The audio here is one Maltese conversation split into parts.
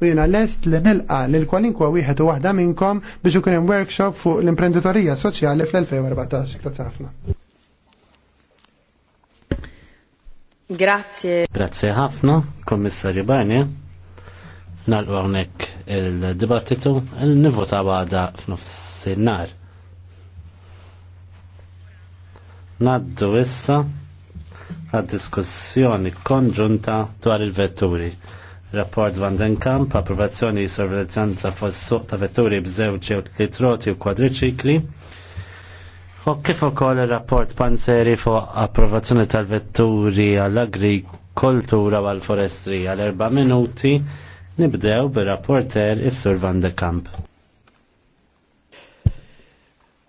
u jiena lest li nilqa li l kwalinkwa wieħed u waħda minnkom biex u hemm workshop fuq l-imprenditorija soċjali fl-2014. Grazzi ħafna. Grazie. Grazie ħafna, Kommissarju Barni. Nalqu hawnhekk il-dibattitu, il-nivota għada f'nofs nar Naddu issa għad diskussjoni konġunta dwar il-vetturi. Rapport Van den Kamp, approvazzjoni sorveljanza fos-suq ta' vetturi b'żewġ jew tliet troti u kwadriċikli. U kif ukoll ir-rapport Panzeri fuq approvazzjoni tal-vetturi għall-agrikoltura u għall-forestri għal erba' minuti nibdew bir-rapporter is-Sur Van de Kamp.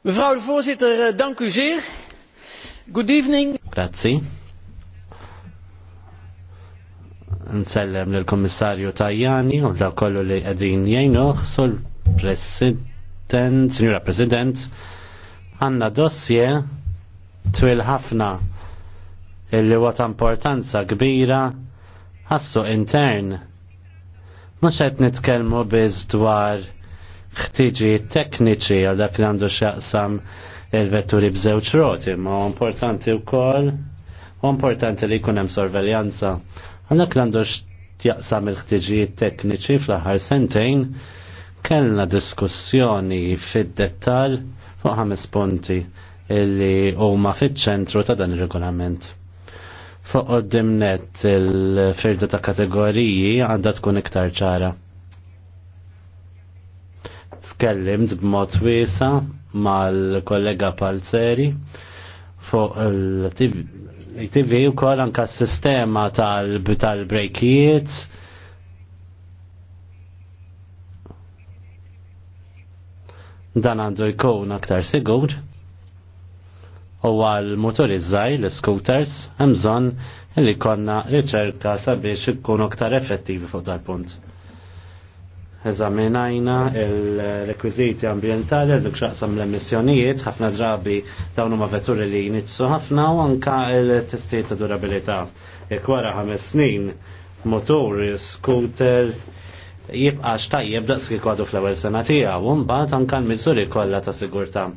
Mevrouw de voorzitter, eh, dank u zeer. Good evening. Grazie. nsellem lill-Kummissarju Tajjani u da kollu li qegħdin jgħinuh sul President, Signora President, għandna dossier twil ħafna illi wata importanza kbira ħassu intern. Mhux qed nitkellmu biz dwar ħtiġi tekniċi għal dak li għandu x'jaqsam il-vetturi b'żewġ roti, ma importanti wkoll u importanti li jkun hemm sorveljanza Għanna klandux jaqsam il-ħtiġijiet tekniċi fl-aħħar sentejn kellna diskussjoni fid-dettal fuq ħames punti illi huma fiċ-ċentru ta' dan ir-regolament. Fuq dimnet il-firda ta' kategoriji għandha tkun iktar ċara. Tkellimt b'mod wiesa mal-kollega Palzeri fuq il l-ATV u kol anka s-sistema tal-brejkiet. Dan għandu jkun aktar sigur. U għal motorizzaj, l-scooters, bżonn li konna riċerka sabiex ikunu aktar effettivi fuq dal-punt eżaminajna il-rekwiziti ambientali għaddu xaqsam l-emissjonijiet, ħafna drabi dawn huma vetturi li jinitsu ħafna u anka il-testijiet ta' durabilità. Jekk wara ħames snin, motor, scooter, jibqa xtajjeb daqs kik għadu fl-ewwel sena tiegħu u mbagħad anke l-miżuri kollha ta' sigurtà.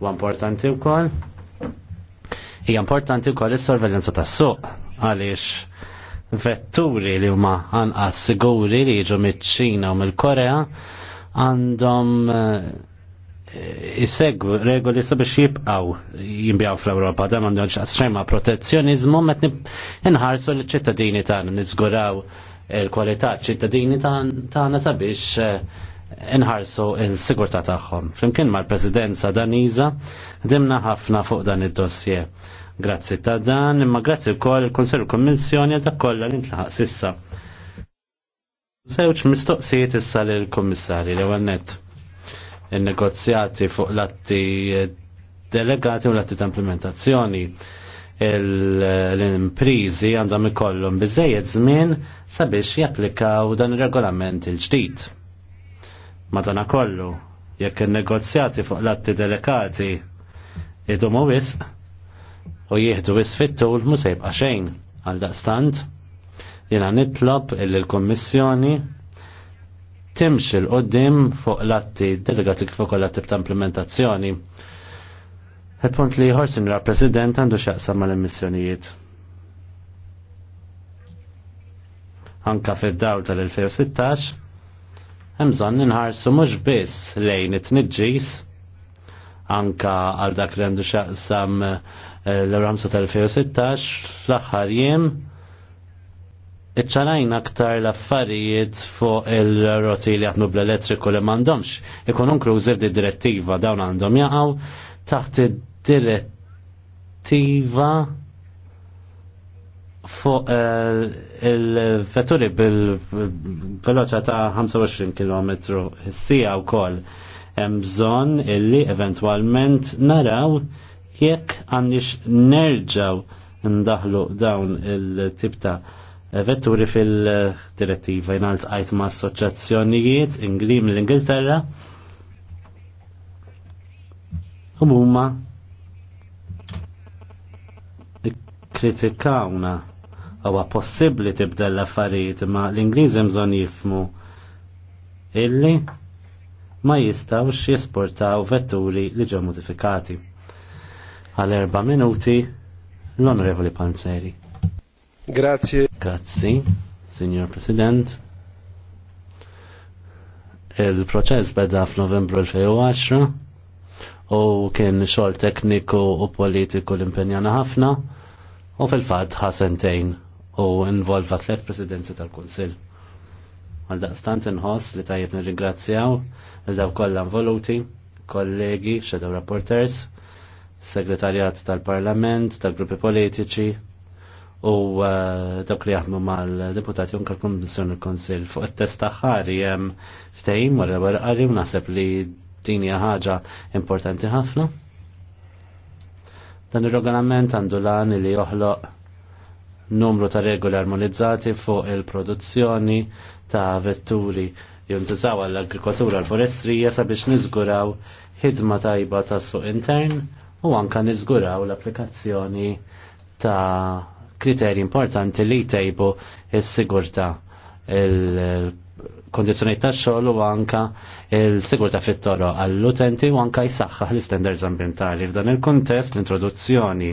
U importanti wkoll hija importanti wkoll is-sorveljanza tas-suq għaliex vetturi li huma anqas siguri li jiġu miċ-Ċina u mill-Korea għandhom jisegwu eh, regoli sabiex jibqaw jimbjaw fl-Europa, għandhom xi xasrema protezzjonizmu, met nħarsu l-ċittadini tagħna nizguraw il-kwalità ċittadini tagħna sabiex eh, nħarsu il-sigurtà tagħhom. Flimkien mal-Presidenza Daniża dimna ħafna fuq dan id-dossier. Grazzi ta' dan, imma grazzi wkoll il-Konsell u Kommissjoni ta' kollha li ntlaħaq sissa. Żewġ mistoqsijiet issa lill kummissarji l ewwel nett. Il-negozjati fuq l-atti delegati u l-atti ta' implementazzjoni l-imprizi għandhom ikollhom biżejjed żmien sabiex japplikaw dan ir-regolament il-ġdid. Madana kollu, jekk in-negozjati fuq l-atti delegati idhom wisq, u jieħdu isfittu u l-musejb għaxejn għal daqstant jena nitlob il-Kommissjoni timx il-qoddim fuq l-atti delegati kif l-atti ta' implementazzjoni. Il-punt li jħor ra President għandu xaqsam mal-emissjonijiet. Anka fid-dawl tal-2016, hemżon ninħarsu mhux biss lejn it-tniġġis anka għal dak li għandu xaqsam uh, Eh, l-ramsa tal-2016 fl-aħħar jiem iċċalajn aktar l-affarijiet fuq il-roti li jaħdmu bl-elettriku li m'għandhomx ikun inklużi di direttiva dawn għandhom jaqgħu taħt id-direttiva fuq eh, il-vetturi bil-veloċa ta' 25 km/sija u koll hemm bżonn illi eventwalment naraw jekk għandix nerġaw ndaħlu dawn il-tip ta' vetturi fil-direttiva jnalt għajt ma' assoċazzjonijiet Ingli mill-Ingilterra u huma kritikawna huwa possibbli tibda l-affarijiet ma l-Ingliżi mżon jifmu illi ma jistawx jisportaw vetturi li ġew modifikati għal erba' minuti l-Onorevoli Panzeri. Grazie. Grazzi, Signor President. Il-proċess beda f'Novembru 2010 u kien xogħol tekniku u politiku l-impenjana ħafna u fil-fatt ħasentejn u involva tliet presidenzi tal-Kunsill. Għal daqstant inħoss li tajjeb nirringrazzjaw il daw kollha involuti, kollegi, shadow rapporters, segretarjat tal-Parlament, tal-gruppi politiċi u uh, dawk li jaħmu mal-deputati unka l-Kommissjoni l-Konsil fuq it-test taħħari hemm ftehim wara warqari u naħseb li din hija ħaġa importanti ħafna. Dan ir-regolament għandu lan li joħloq numru ta' regoli armonizzati fuq il-produzzjoni ta' vetturi jintużaw għall-agrikoltura l-forestrija sabiex niżguraw ħidma tajba tas suq intern u anka niżguraw l-applikazzjoni ta' kriterji importanti li jtejbu s-sigurta il-kondizjoni ta' xogħol u anka il-sigurta fit-toro għall-utenti u anka jsaħħaħ l-standards ambientali. F'dan il-kontest l-introduzzjoni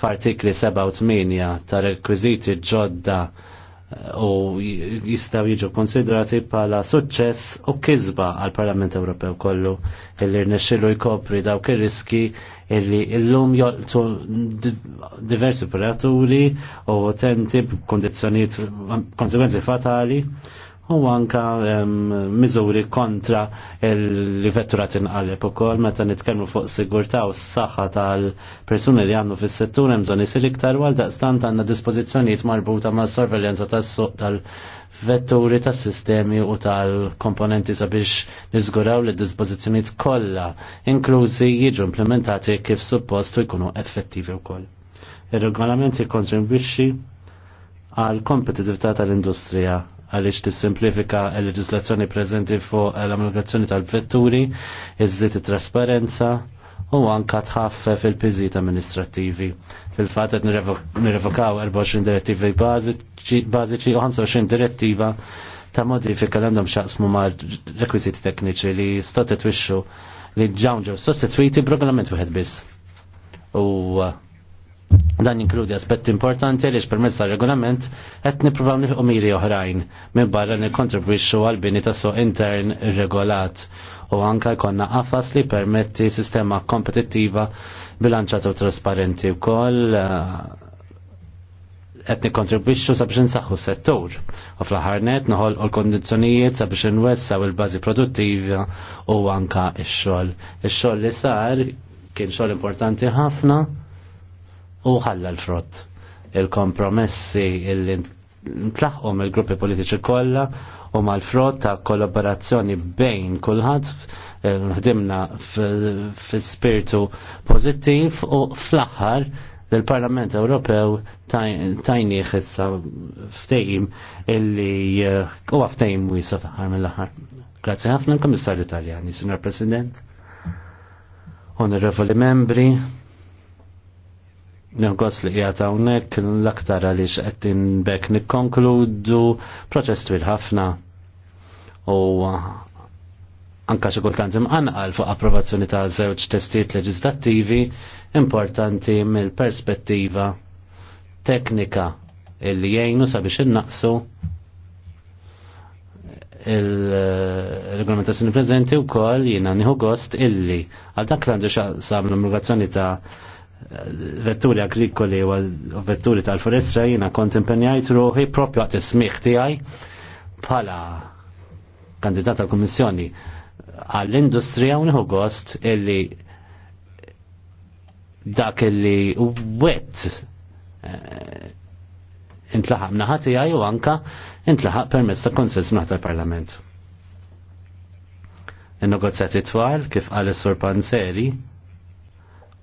f'artikli 7 u 8 ta' rekwiżiti ġodda u jistaw jiġu konsidrati pala suċċess u kizba għal Parlament Ewropew kollu illi rnexxilu jkopri dawk ir-riski illi illum jolqtu diversi operaturi u utenti b'kondizzjonijiet konsekwenzi fatali u anka miżuri kontra il-vettura tinqalib ukoll meta nitkellmu fuq sigurtà u s-saħħa tal-persuni li għandu fis-settur hemm bżonn isir iktar għal daqstant għandna dispożizzjonijiet marbuta ma' sorveljanza tas-suq tal-vetturi tas-sistemi u tal-komponenti sabiex niżguraw li dispożizzjonijiet kollha inklużi jiġu implementati kif suppost u jkunu effettivi wkoll. Ir-regolament jikkontribwixxi għal kompetitività tal-industrija għaliex tissimplifika l-leġislazzjoni preżenti fuq l-amministrazzjoni tal-vetturi, iżżid it-trasparenza u anka tħaffe fil pizit amministrattivi. Fil-fatt qed nirrevokaw 24 direttivi bażiċi u 25 direttiva ta' modifika l għandhom xaqsmu ma' rekwiziti tekniċi li stotet wixxu li ġawn ġew sostituiti b'regolament wieħed biss. U Dan inkludi aspetti importanti għaliex permezz tal-regolament qed nippruvaw nilħu miri oħrajn minn barra nikkontribwixxu għall bini tas suq intern irregolat u anka jkollna qafas li permetti sistema kompetittiva bilanċata u trasparenti wkoll eh, qed nikkontribwixxu sabiex insaħħu s-settur. U fl-aħħar net u l-kondizzjonijiet sabiex inwessaw il-bażi produttiva u anka x-xogħol. Ix-xogħol li sar kien xogħol importanti ħafna u ħalla l-frott. Il-kompromessi illi tlaħqom il-gruppi politiċi kollha u mal-frott ta' kollaborazzjoni bejn kulħadd eh, ħdimna fil-spiritu pozittiv u fl-aħħar l-Parlament Ewropew tajni issa ftejim illi eh, huwa ftejim wiesa fl-aħħar mill-aħħar. Grazzi ħafna l-Komissarju Italjani, Signor President, Onorevoli Membri, Negos li qiegħed hawnhekk l-aktar għaliex qed inbek nikkonkludu proċess twil ħafna u uh, anka xi kultant imqanqal fuq approvazzjoni ta' żewġ testijiet leġislattivi importanti mill-perspettiva teknika illi jgħinu sabiex innaqsu il-regolamentazzjoni preżenti wkoll jiena nieħu gost illi għal dak l-għandu xaqsam l ta' vetturi agrikoli u vetturi tal-forestra jina kont impenjajt ruħi propju għat smiħ tijaj bħala kandidat tal-Kommissjoni għall-industrija unħu gost illi dak illi wet eh, intlaħaq naħati għaj u anka intlaħaq permessa ta' konsens naħta parlament Il-negozjati twal kif għal sur Panzeri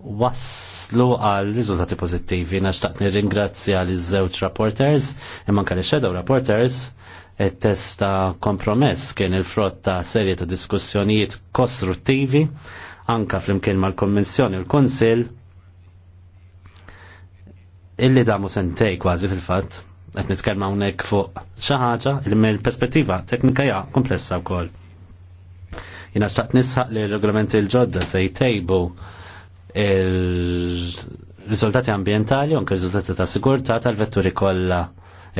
waslu għal riżultati pozittivi. Naxtaqt nirringrazzja li żewġ rapporters, imman kalli xedaw rapporters, et testa kompromess kien il-frott ta' serje ta' diskussjonijiet kostruttivi, anka fl-imkien mal-Kommissjoni u l-Konsil, illi damu sentej kważi fil-fatt, għet nitkelma unnek fuq xaħġa, illi mill-perspettiva teknika ja komplessa u kol. Jina xtaqt nisħaq li l-reglamenti l-ġodda se jtejbu il rizultati ambientali u il riżultati ta' sigurtà tal-vetturi kollha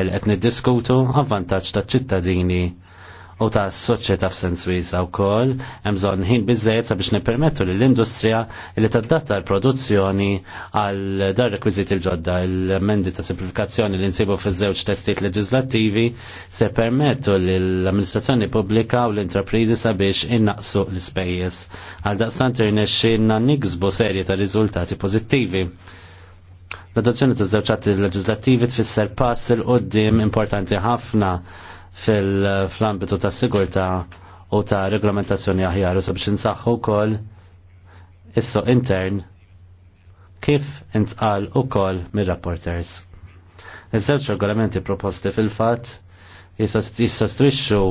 il qed niddiskutu avvantaġġ taċ-ċittadini u ta' soċjetà f'sens wiesa wkoll hemm bżonn ħin biżejjed sabiex nippermettu lill industrija li tadatta l-produzzjoni għal dar rekwiżiti l-ġodda l-emendi ta' simplifikazzjoni li nsibu fiż-żewġ testijiet leġislattivi se permettu lill-amministrazzjoni pubblika u l-intrapriżi sabiex innaqsu l-ispejjeż. Għal daqstant irnexxinna niksbu serje ta' riżultati pożittivi. L-adozzjoni ta' żewġ atti leġislattivi tfisser pass il qoddim importanti ħafna fil-ambitu ta' sigurta u ta' reglamentazzjoni aħjar u sabiex insaħħu wkoll isso intern kif intqal ukoll mir-rapporters. Iż-żewġ regolamenti proposti fil-fatt jistostwixxu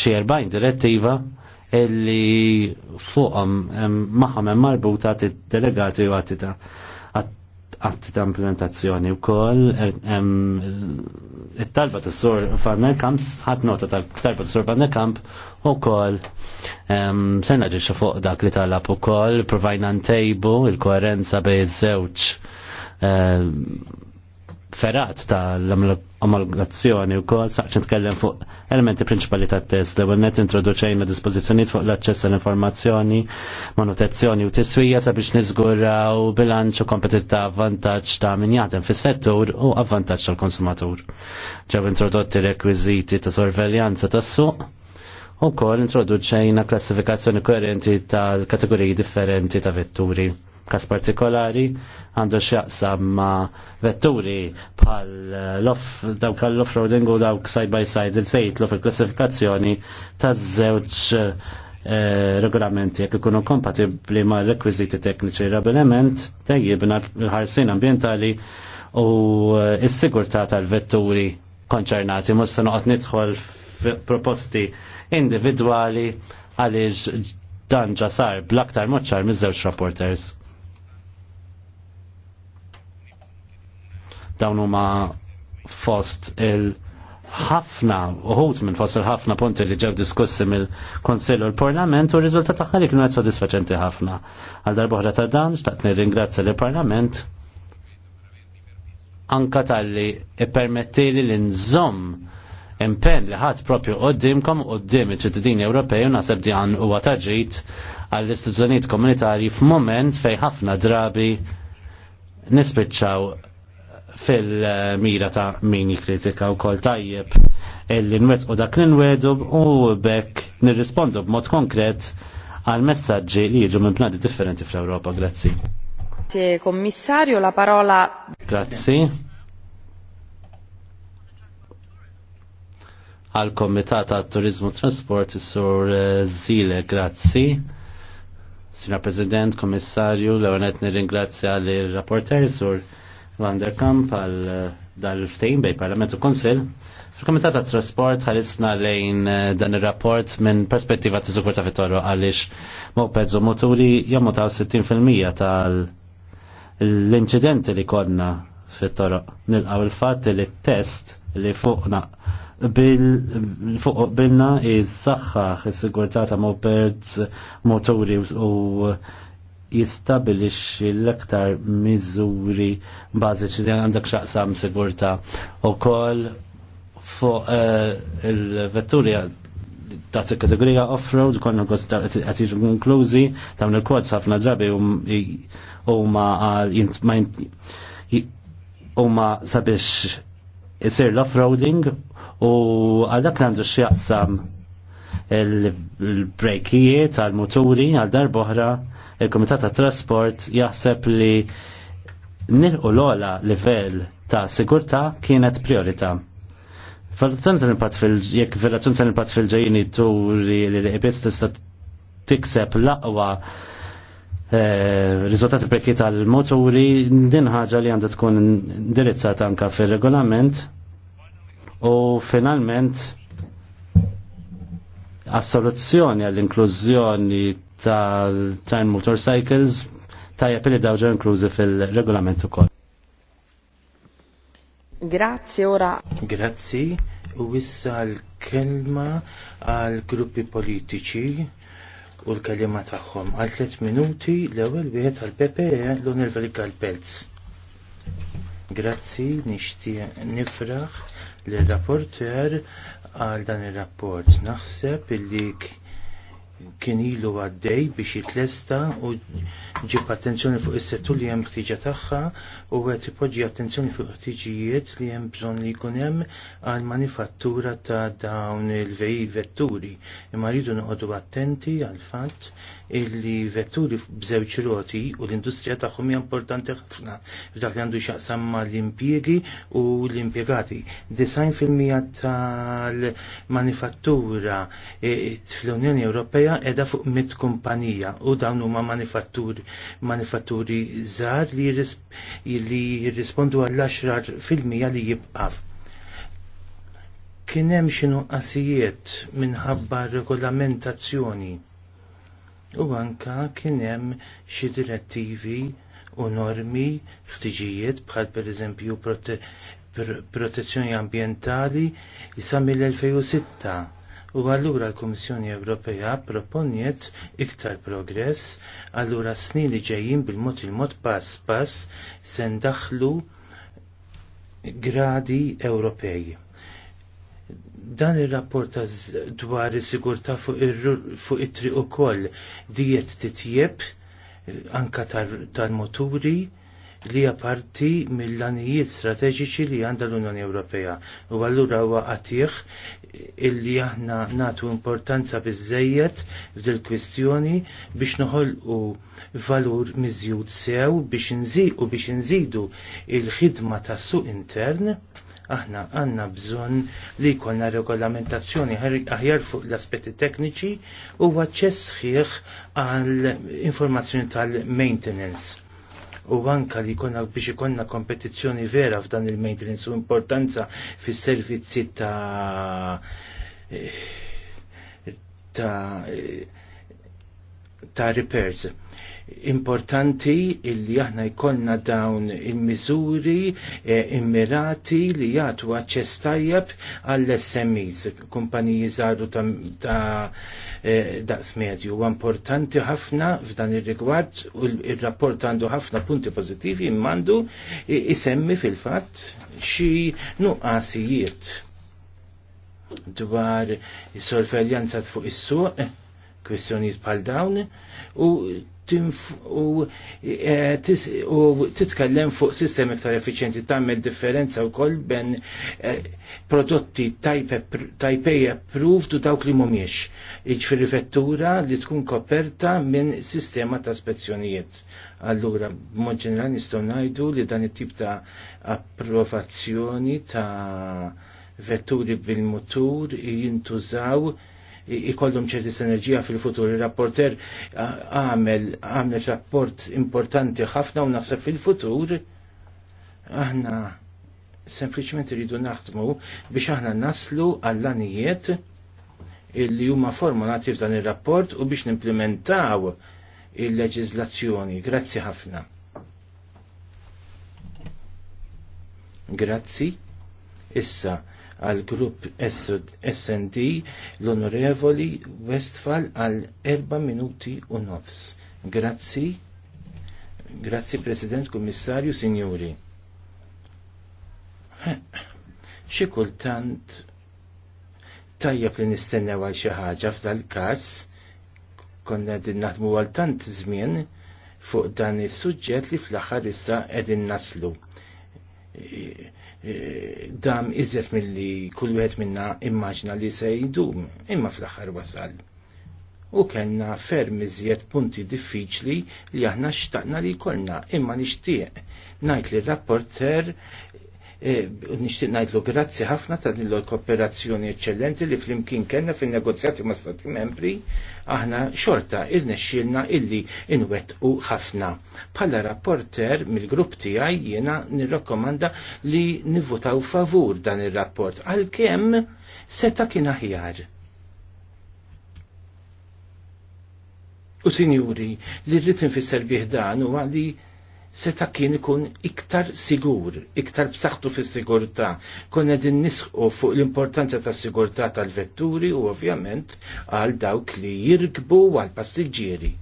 xi 40 direttiva illi fuqhom magħhom hemm marbuta tid delegati u għatita għatt ta' implementazzjoni u koll il-talba ta' sur Farner Kamp, ħat nota ta' talba ta' sur Farner Camp u koll sena ġiċa fuq dak li talab u koll provajna ntejbu il-koherenza bej żewġ eh, ferat tal-amlok omologazzjoni u kol saqċ nitkellem fuq elementi prinċipali ta' test li għennet introduċejna dispozizjoniet fuq l-access għall-informazzjoni, manutenzjoni u tiswija sabiex u bilanċ u kompetit ta' avvantaġġ ta' min jaħdem fis-settur u avvantaġġ tal-konsumatur. Ġew introdotti rekwiżiti ta' sorveljanza tas suq u kol introduċejna klassifikazzjoni koerenti tal-kategoriji differenti ta' vetturi kas partikolari għandu xjaqsam ma' vetturi bħal lof dawk l-offroading u dawk side by side il-sejtlu fil-klassifikazzjoni ta' żewġ eh, regolamenti jekk ikunu kompatibbli ma' rekwiziti tekniċi rabbilement tejjibna l-ħarsin ambientali u eh, s sigurta tal-vetturi konċernati. mus noqgħod nidħol proposti individwali għaliex dan sar bl-aktar moċċar miż-żewġ rapporters. Dawn huma fost il- ħafna uħut minn fost il-ħafna punti li ġew diskussi mill-Konsillu l-Parlament u r-riżultat tagħha li kienu sodisfaċenti ħafna. Għal darbohra ta' dan xtaqt nirringrazzja lill-Parlament anka tal-li ippermettili li nżomm impenn li ħadd propju qoddimkom qoddim iċ-ċittadini Ewropej u naħseb di għan huwa taġit għall istituzzjonijiet komunitarji f'mument fejn ħafna drabi nispiċċaw fil-mira ta' min jikritika u kol tajjeb illi nwet u dak ninwedu u bekk nirrispondu b'mod konkret għal messaġġi li jiġu minn plati differenti fl-Ewropa. Grazzi. Grazie Kommissarju, la parola. Grazzi. Għal Komitat għal Turizmu Transport Sur eh, Zile, grazzi. Sina President, Kommissarju, l-għonet nir-ingrazzja l-rapporter, Sur Vanderkamp għal eh, dal-ftejn bej Parlament u Konsil. Fil-Komitat ta' Trasport ħarisna lejn eh, dan ir-rapport minn perspettiva ta' sikurta fit-torro għaliex mopeds u moturi jammotaw 60% tal-inċidenti li kodna fit-torro. Nilqaw il-fatt li t-test li fuqna bil-fuq bilna iż-saxħa is-sigurtà ta' mopeds, moturi u jistabilixxi l-aktar miżuri bażiċi li għandek xaqsam sigurta u koll fuq eh, il-vetturi ta' kategorija off-road konna għat jiġu konklużi ta' minn il-kod ħafna drabi u um, ma u ma sabiex jisir l-off-roading u għadak għandu xjaqsam il-brejkijiet għal-moturi għal-darboħra il-Komitat ta' Trasport jaħseb li nilqu l-ola livell ta' sigurta kienet priorità. Valutazzjoni tal-impatt fil jekk valutazzjoni tal-impatt fil-ġejjini turi li l-qibiet tista' tikseb l-aqwa eh, riżultati prekki tal-moturi din ħaġa li għandha tkun indirizzat anka fil-regolament u finalment assoluzzjoni għall-inklużjoni tal-Time Motorcycles tajja li dawġa inklużi fil-regolament ukoll. Grazzi ora. Grazzi u issa l-kelma għal gruppi politiċi u l kelma tagħhom għal tliet minuti l-ewwel wieħed għal PPE l-Univer pelz Grazzi, nixtieq nifraħ l-rapporter għal dan ir-rapport. Naħseb illi kien ilu għaddej biex jitlesta u ġib attenzjoni fuq is-settur li hemm ħtiġa tagħha u qed ipoġġi attenzjoni fuq ħtiġijiet li hemm bżonn li jkun hemm għal manifattura ta' dawn il-vetturi. Imma rridu noqogħdu attenti għal fatt illi vetturi b'żewġ roti u l-industrija tagħhom hija importanti ħafna f'dak li għandu x'aqsam mal-impjiegi u l-impjegati. Design fil-mija tal-manifattura e, e, fl-Unjoni Ewropea qiegħda fuq mit kumpanija u dawn huma manifatturi żgħar li jirrispondu għall-10 fil-mija li jibqaf kien hemm xi nuqqasijiet minħabba regolamentazzjoni u anka kien hemm xi direttivi u normi ħtiġijiet bħal pereżempju prote protezzjoni ambjentali sa mill-2006 u allura l-Kummissjoni Ewropea proponiet iktar progress, allura snin li ġejjin bil-mod il-mod pass pass se ndaħlu gradi Ewropej dan ir-rapport dwar is-sigurtà fuq it-triq ukoll diet titjieb eh, anka tal-moturi li hija parti mill lanijiet strateġiċi li għandha l-Unjoni Ewropea. U allura huwa qatih illi aħna natu importanza biżejjed f'dil kwistjoni biex noħolqu valur miżjud sew biex u biex nżidu il-ħidma tas-suq intern Aħna għanna bżonn li jkollna regolamentazzjoni aħjar fuq l-aspetti tekniċi u għacċess sħiħ għal informazzjoni tal-maintenance. U anka li jkollna biex ikonna kompetizzjoni vera f'dan il-maintenance u importanza fis servizzi ta' eh, ta' eh, ta' repairs importanti illi aħna jkollna dawn il-miżuri eh, immirati li jagħtu aċċess tajjeb għall-SMEs, kumpaniji żaru ta', ta e, daqs medju. importanti ħafna f'dan ir-rigward u r-rapport għandu ħafna punti pożittivi immandu isemmi fil-fatt xi nuqqasijiet dwar is-sorveljanza fuq is-suq kwistjonijiet bħal dawn u Eh, u titkellem fuq sistemi iktar effiċjenti tagħmel differenza wkoll ben eh, prodotti tajpej approved u dawk li mhumiex. Jiġifieri vettura li tkun koperta minn sistema ta' spezzjonijiet. Allura, b'mod ġenerali nistgħu ngħidu li dan it-tip ta' approvazzjoni ta' vetturi bil-mutur jintużaw ikollum ċerti sinerġija fil-futur. Il-rapporter għamel għamel rapport importanti ħafna u naħseb fil-futur aħna sempliċement rridu naħdmu biex aħna naslu għall-anijiet illi huma formulati f'dan ir-rapport u biex nimplementaw il-leġiżlazzjoni. Grazzi ħafna. Grazzi. Issa għal grupp SD l-Onorevoli Westfall għal erba' minuti u nofs. Grazzi, grazzi President Kummissarju Signori. Xi kultant tajjeb li nistennew għal xi ħaġa f'dal każ konna din naħdmu għal tant żmien fuq dan is-suġġett li fl-aħħar issa qegħdin naslu dam iżjed milli kull wieħed minna immaġna li se jdum, imma fl-aħħar wasal. U kellna ferm iżjed punti diffiċli li aħna xtaqna li jkollna, imma nixtieq ngħid li rapporter u e, nixtieq ngħidlu grazzi ħafna ta' din l-kooperazzjoni eċċellenti li flimkien kena fin-negozjati ma' stati membri aħna xorta irnexxielna illi u ħafna. Bħala rapporter mill-grupp tiegħi jiena nirrakkomanda li nivvotaw favur dan ir-rapport għalkemm seta' kien aħjar. U sinjuri, li rrit nfisser bih dan u għalli seta kien ikun iktar sigur, iktar b'saħħtu fis-sigurtà. Konna din nisħu fuq l-importanza tas sigurtà tal-vetturi u ovvjament għal dawk li jirkbu għal passiġġieri.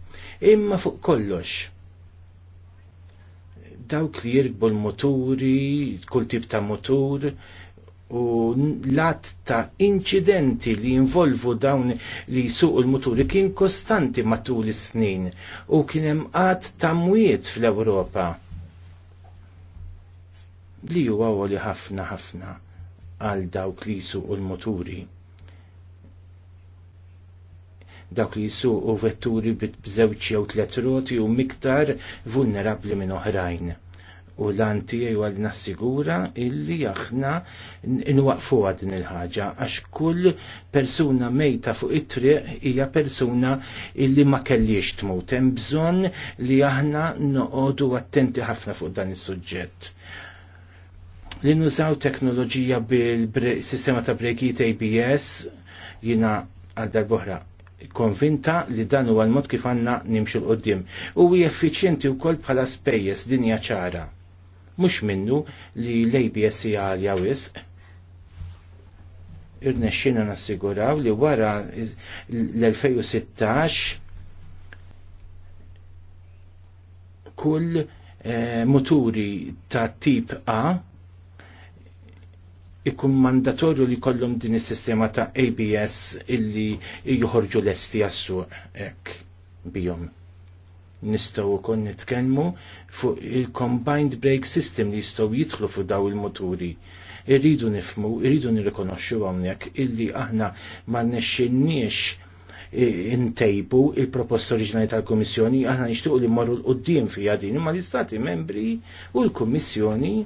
Imma fuq kollox. Dawk li jirkbu l-moturi, kull tip ta' motur, u lat ta' incidenti li involvu dawn li suq il-muturi kien kostanti matul is-snin u kien hemm qatt ta' mwiet fl-Ewropa. Li huwa li ħafna ħafna għal dawk li suq il-muturi. Dawk li suq u vetturi b'żewġ jew tliet roti u miktar vulnerabbli minn oħrajn u l-anti u għal nassigura illi aħna waqfu din il-ħaġa għax kull persuna mejta fuq it-triq hija persuna illi ma kellix tmut. Hemm bżonn li aħna noqogħdu attenti ħafna fuq dan is-suġġett li nużaw teknoloġija bil-sistema ta' brekijiet ABS jina għal darbohra konvinta li dan huwa l-mod kif għandna nimxu l-qoddim. U hi effiċjenti wkoll bħala spejjeż dinja ċara mhux minnu li l-ABS għalja wisq irnexxina nassiguraw li wara l-2016 kull eh, muturi ta' tip A ikun mandatorju li kollum din is-sistema ta' ABS illi juħorġu lesti esti għassu ek bijom. Nistgħu ukoll nitkellmu fuq il-combined brake system li jistgħu jidħlu fuq daw il-moturi. Irridu nifmu, irridu nirrikonoxxu hawnhekk illi aħna ma nexxinniex e, intejbu il-proposta oriġinali tal kummissjoni aħna nixtiequ li mmorru l-qoddim fija din, imma l-Istati membri u l kummissjoni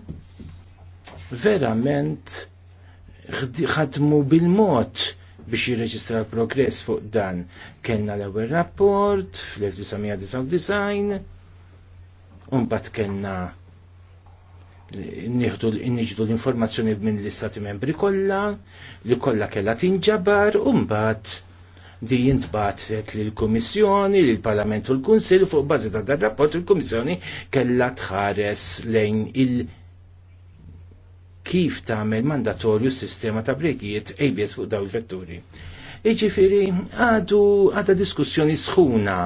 verament ħadmu bil-mod biex jirreġistra progress fuq dan. Kellna l-ewwel rapport fl-1999, unbat kellna nieħdu l-informazzjoni minn l-istati membri kollha, li kollha kellha tinġabar, u mbagħad di jintbatet lill kummissjoni lill parlament u l-Kunsill fuq bażi ta' dar rapport il-Kummissjoni kellha tħares lejn il- kif tagħmel mandatorju s-sistema ta' brekijiet ABS fuq daw il-vetturi. Iġifiri, għadu għadha diskussjoni sħuna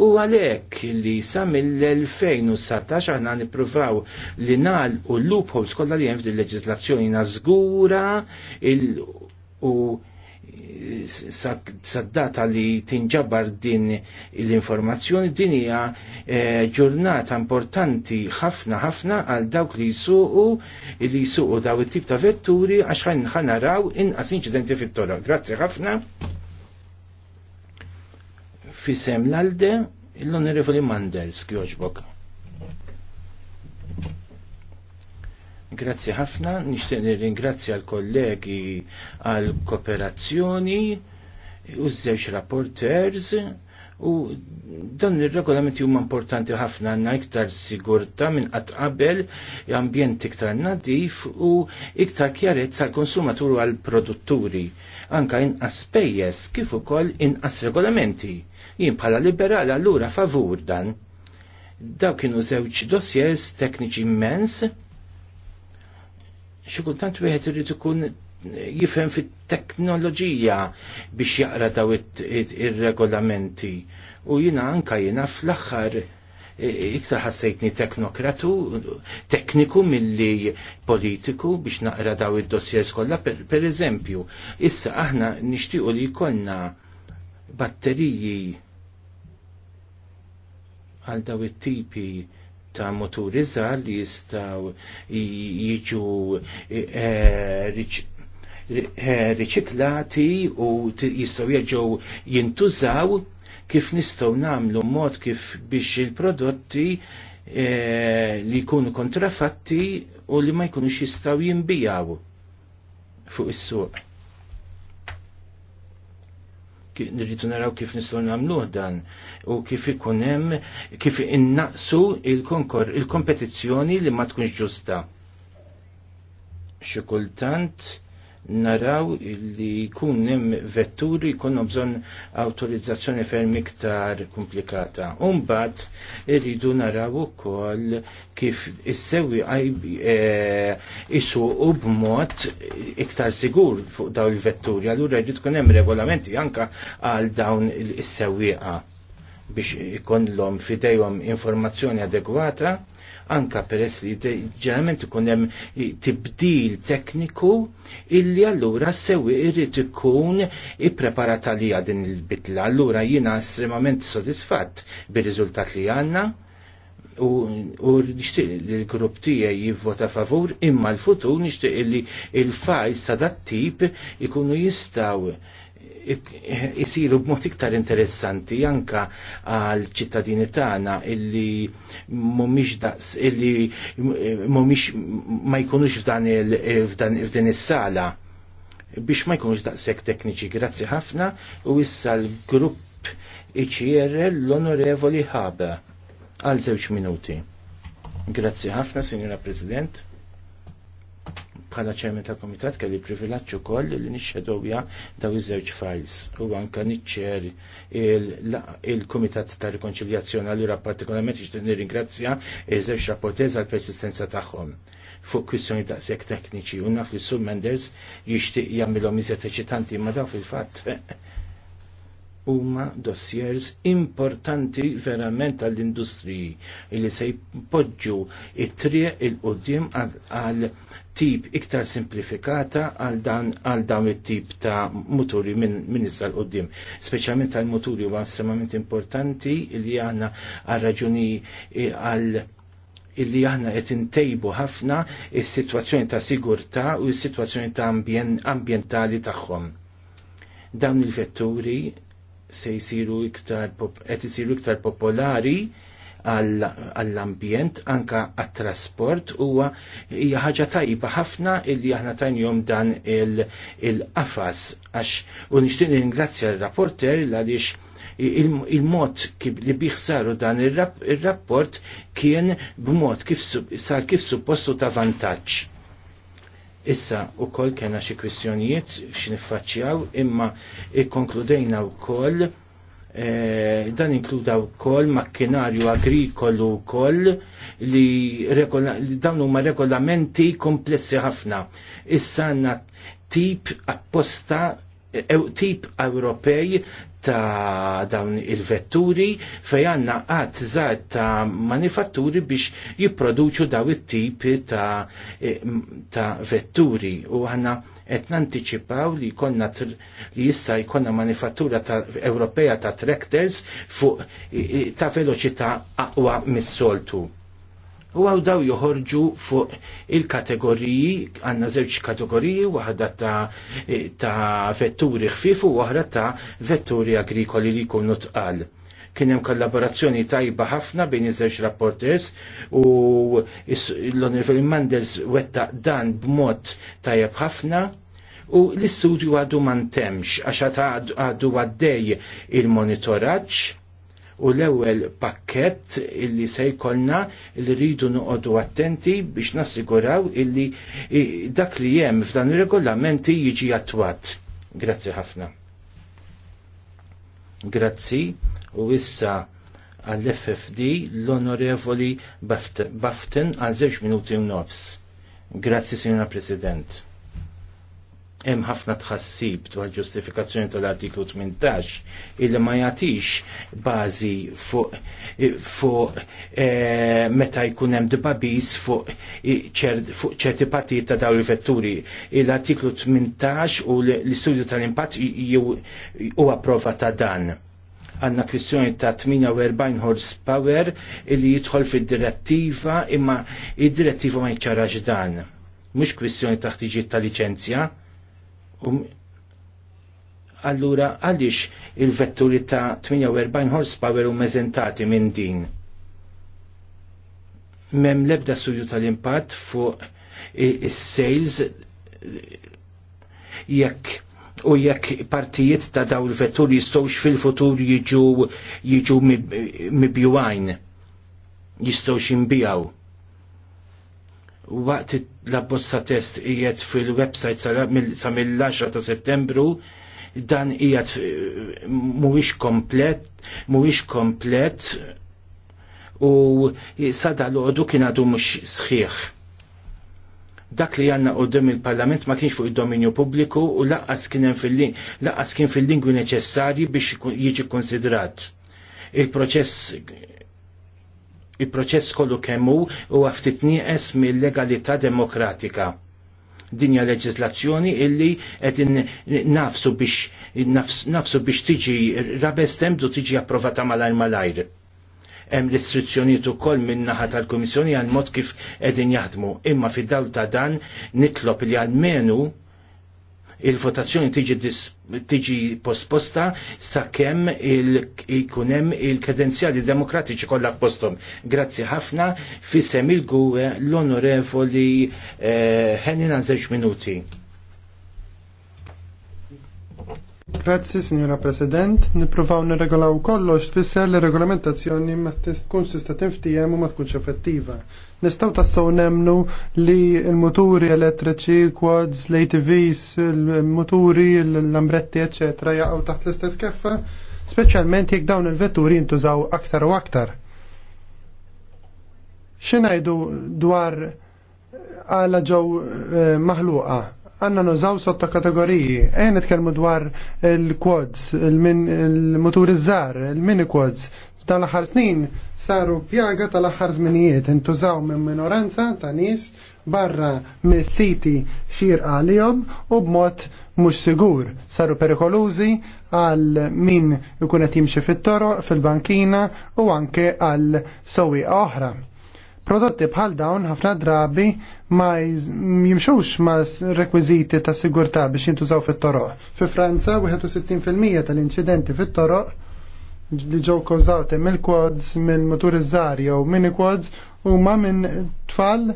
U għalek li sa mill 2017 aħna nipruvaw li nal u l-loopholes kollha li hemm fil leġizlazzjoni nażgura u sad-data li tinġabar din l-informazzjoni din hija eh, ġurnata importanti ħafna ħafna għal dawk li jisuqu li jsuqu daw it-tip ta' vetturi għax ħanaraw inqas inċidenti fit-toroq. Grazzi ħafna. Fisem l-alde l-onorevoli Mandels kjoġbok. Grazzi ħafna, nixtieq nirringrazzja l-kollegi għal kooperazzjoni u żewġ rapporters u dan ir-regolamenti huma importanti ħafna għandna iktar sigurtà minn qatt qabel, ambjent iktar nadif u iktar kjarezza għall konsumatur u għall produtturi. Anka inqas pejjeż kif ukoll inqas regolamenti. Jien bħala liberal allura favur dan. Daw kienu żewġ dossiers tekniċi immens xi kultant wieħed irid ikun jifhem fit-teknoloġija biex jaqra daw ir-regolamenti. U jina anka jina fl-aħħar iktar ħassejtni teknokratu, tekniku milli politiku biex naqra daw id-dossiers kollha per, eżempju. Issa aħna nixtiequ li jkollna batteriji għal daw it-tipi ta' moturi żgħar li jistgħu jiġu eh, eh, riċiklati u jistgħu jiġu jintużaw kif nistgħu nagħmlu mod kif biex il-prodotti eh, li jkunu kontrafatti u li ma jkunux jistgħu jinbijaw fuq is-suq nirritu naraw kif nistgħu nagħmluh dan u kif ikun hemm kif innaqsu il-konkor il-kompetizzjoni li ma tkunx ġusta. Xi kultant naraw li jkun hemm vetturi jkunu bżonn awtorizzazzjoni ferm iktar komplikata. Umbagħad irridu naraw ukoll kif issewi e, isuqu b'mod iktar sigur fuq dawn il-vetturi. Allura jrid tkun hemm regolamenti anke għal dawn is-sewwieqa biex l-om fidejhom informazzjoni adegwata, anka peress li ġeneralment ikun hemm tibdil tekniku illi allura sewi irrid ikun ippreparat għalija din il-bidla. Allura jiena estremament sodisfatt bir-riżultat li għandna u nixtieq li l-grupp tiegħi jivvota favur imma l-futur nixtieq li l-fajs ta' dat-tip ikunu jistgħu isiru b'mod iktar interessanti anka għal ċittadini tagħna illi mhumiex daqs illi mhumiex ma jkunux f'dan f'dan is-sala biex ma jkunux daqshekk tekniċi. Grazzi ħafna u issa l-grupp iċjer l-Onorevoli Ħaba għal żewġ minuti. Grazzi ħafna, Sinjora President bħala ċermen tal komitat kelli privilaġġ ukoll li nixxedowja daw iż-żewġ files u anke niċċer il-Kumitat ta' Rikonċiljazzjoni għal partikolarment ixtieq nirringrazzja iż-żewġ rapportez għall persistenza tagħhom fuq kwistjoni daqshekk tekniċi u naf li Sul Menders jixtieq jagħmilhom iżjed eċitanti ma daw fil-fatt huma dossiers importanti verament għall-industriji li se jpoġġu it-triq il-qudiem għal tip iktar simplifikata għal dan għal dawn it-tip ta' muturi minn min issa l qudiem Speċjalment għal muturi huwa estremament importanti li għandna għal raġuni eh, għal illi aħna qed intejbu ħafna is-sitwazzjoni ta' sigurtà u s-sitwazzjoni ta' ambjentali tagħhom. Dawn il-vetturi se jisiru iktar qed isiru iktar popolari għall-ambjent anka għat-trasport huwa hija ħaġa tajba ħafna illi aħna tajnjom dan il-qafas għax u nixtieq ringrazzja l-rapporter għaliex il-mod li bih saru dan ir rapport kien b'mod kif sar kif suppostu ta' vantaġġ Issa u koll kena xie kwistjonijiet x'niffaċċjaw imma ikkonkludejna u koll e, dan inkluda u koll makkinarju agrikolu u koll li, li dawn huma regolamenti komplessi ħafna. Issa għandna tip apposta e, tip Ewropej ta' dawn il-vetturi fej għanna għat zaħt ta' manifatturi biex jipproduċu daw it-tip ta', eh, ta vetturi u għanna qed nantiċipaw li konna li jissa jkonna manifattura ta' Ewropea ta' tractors fuq eh, eh, ta' veloċità aqwa mis-soltu. U għaw daw joħorġu fuq il-kategoriji, għanna zewċ kategoriji, waħda ta', ta vetturi xfifu, u waħda ta' vetturi agrikoli li jkunu tqal. Kien hemm kollaborazzjoni tajba ħafna bejn iż-żewġ rapporters u l-Onorevoli Mandels wettaq dan b'mod tajjeb ħafna u l-istudju għadu mantemx għax għadu għaddej il-monitoraġġ u l-ewwel pakkett illi se jkollna li rridu noqogħdu attenti biex nassiguraw illi dak li hemm f'dan ir-regolamenti jiġi attwat. Grazzi ħafna. Grazzi u issa għall-FFD l-Onorevoli Baften għal żewġ minuti u nofs. Grazzi, Signora President hemm ħafna tħassib dwar ġustifikazzjoni tal-artiklu 18 illi ma jagħtix bażi fuq e, meta jkun hemm dibabis fuq ċerti partijiet ta' dawn il-vetturi. L-artiklu 18 u l-istudju tal-impatt huwa prova ta' dan għanna kwistjoni ta' 48 horsepower illi jidħol fid-direttiva imma id-direttiva ma jċarax dan. Mhux kwistjoni ta' ħtiġiet ta' liċenzja, Um, allura għaliex il-vetturi ta' 48 horsepower u meżentati minn din? Mem lebda studju tal-impatt fuq is-sales jekk u jekk partijiet ta' daw il-vetturi jistgħux fil-futur jiġu jiġu mibjuwajn jistgħux jinbijaw waqt l-abbozza test qiegħed fil-website sa mill-10 ta' Settembru dan qiegħed mhuwiex komplet mhuwiex komplet u sada l-għodu kien għadu mux sħiħ. Dak li għanna qoddim il-parlament ma kienx fuq id-dominju pubbliku u laqqas kien fil-lingwi neċessarji biex jiġi konsidrat. Il-proċess il-proċess kollu kemmu u għaftit nieqes mill-legalità demokratika. Dinja leġislazzjoni illi qed nafsu biex nafsu biex tiġi rabes temdu tiġi approvata malajr malajr. Hemm restrizzjonijiet ukoll minn naħa tal-Kummissjoni għal mod kif qegħdin jaħdmu. Imma fid-dawl ta' dan nitlob li għalmenu menu il-votazzjoni tiġi posposta sakemm ikun hemm il-kredenzjali demokratiċi kollha f'postom. Grazzi ħafna fissem il-gwe l-onorevoli eh, Henina żewġ minuti. Grazzi, Signora President. Nipruvaw nirregolaw kollox tfisser li regolamentazzjoni ma tkunx tista' tinftijem u ma tkunx effettiva. Nistgħu tassew nemnu li l-muturi elettriċi, quads, l-ATVs, il muturi l-lambretti, eċetera, jaqgħu taħt l-istess keffa, speċjalment jekk dawn il-vetturi jintużaw aktar u aktar. Xinajdu dwar għala ġew eh, maħluqa għanna nużaw sotta kategoriji. Ejn nitkellmu dwar il-quads, il-motur iż-żar, il-mini quads. Tal-aħħar snin saru pjaga tal-aħħar żminijiet intużaw minn minoranza ta' nies barra mis-siti xir għalihom u b'mod mhux sigur. Saru perikolużi għal min ikun qed jimxi fit-toroq, fil-bankina u anke għal sowi oħra. Prodotti bħal dawn ħafna drabi ma jimxux ma rekwiziti ta' sigurtà biex jintużaw fit-toroq. Fi Franza, 61% tal-inċidenti fit-toroq li ġew kawżawti mill-quads, mill-moturizzar jew mini-quads huma minn tfal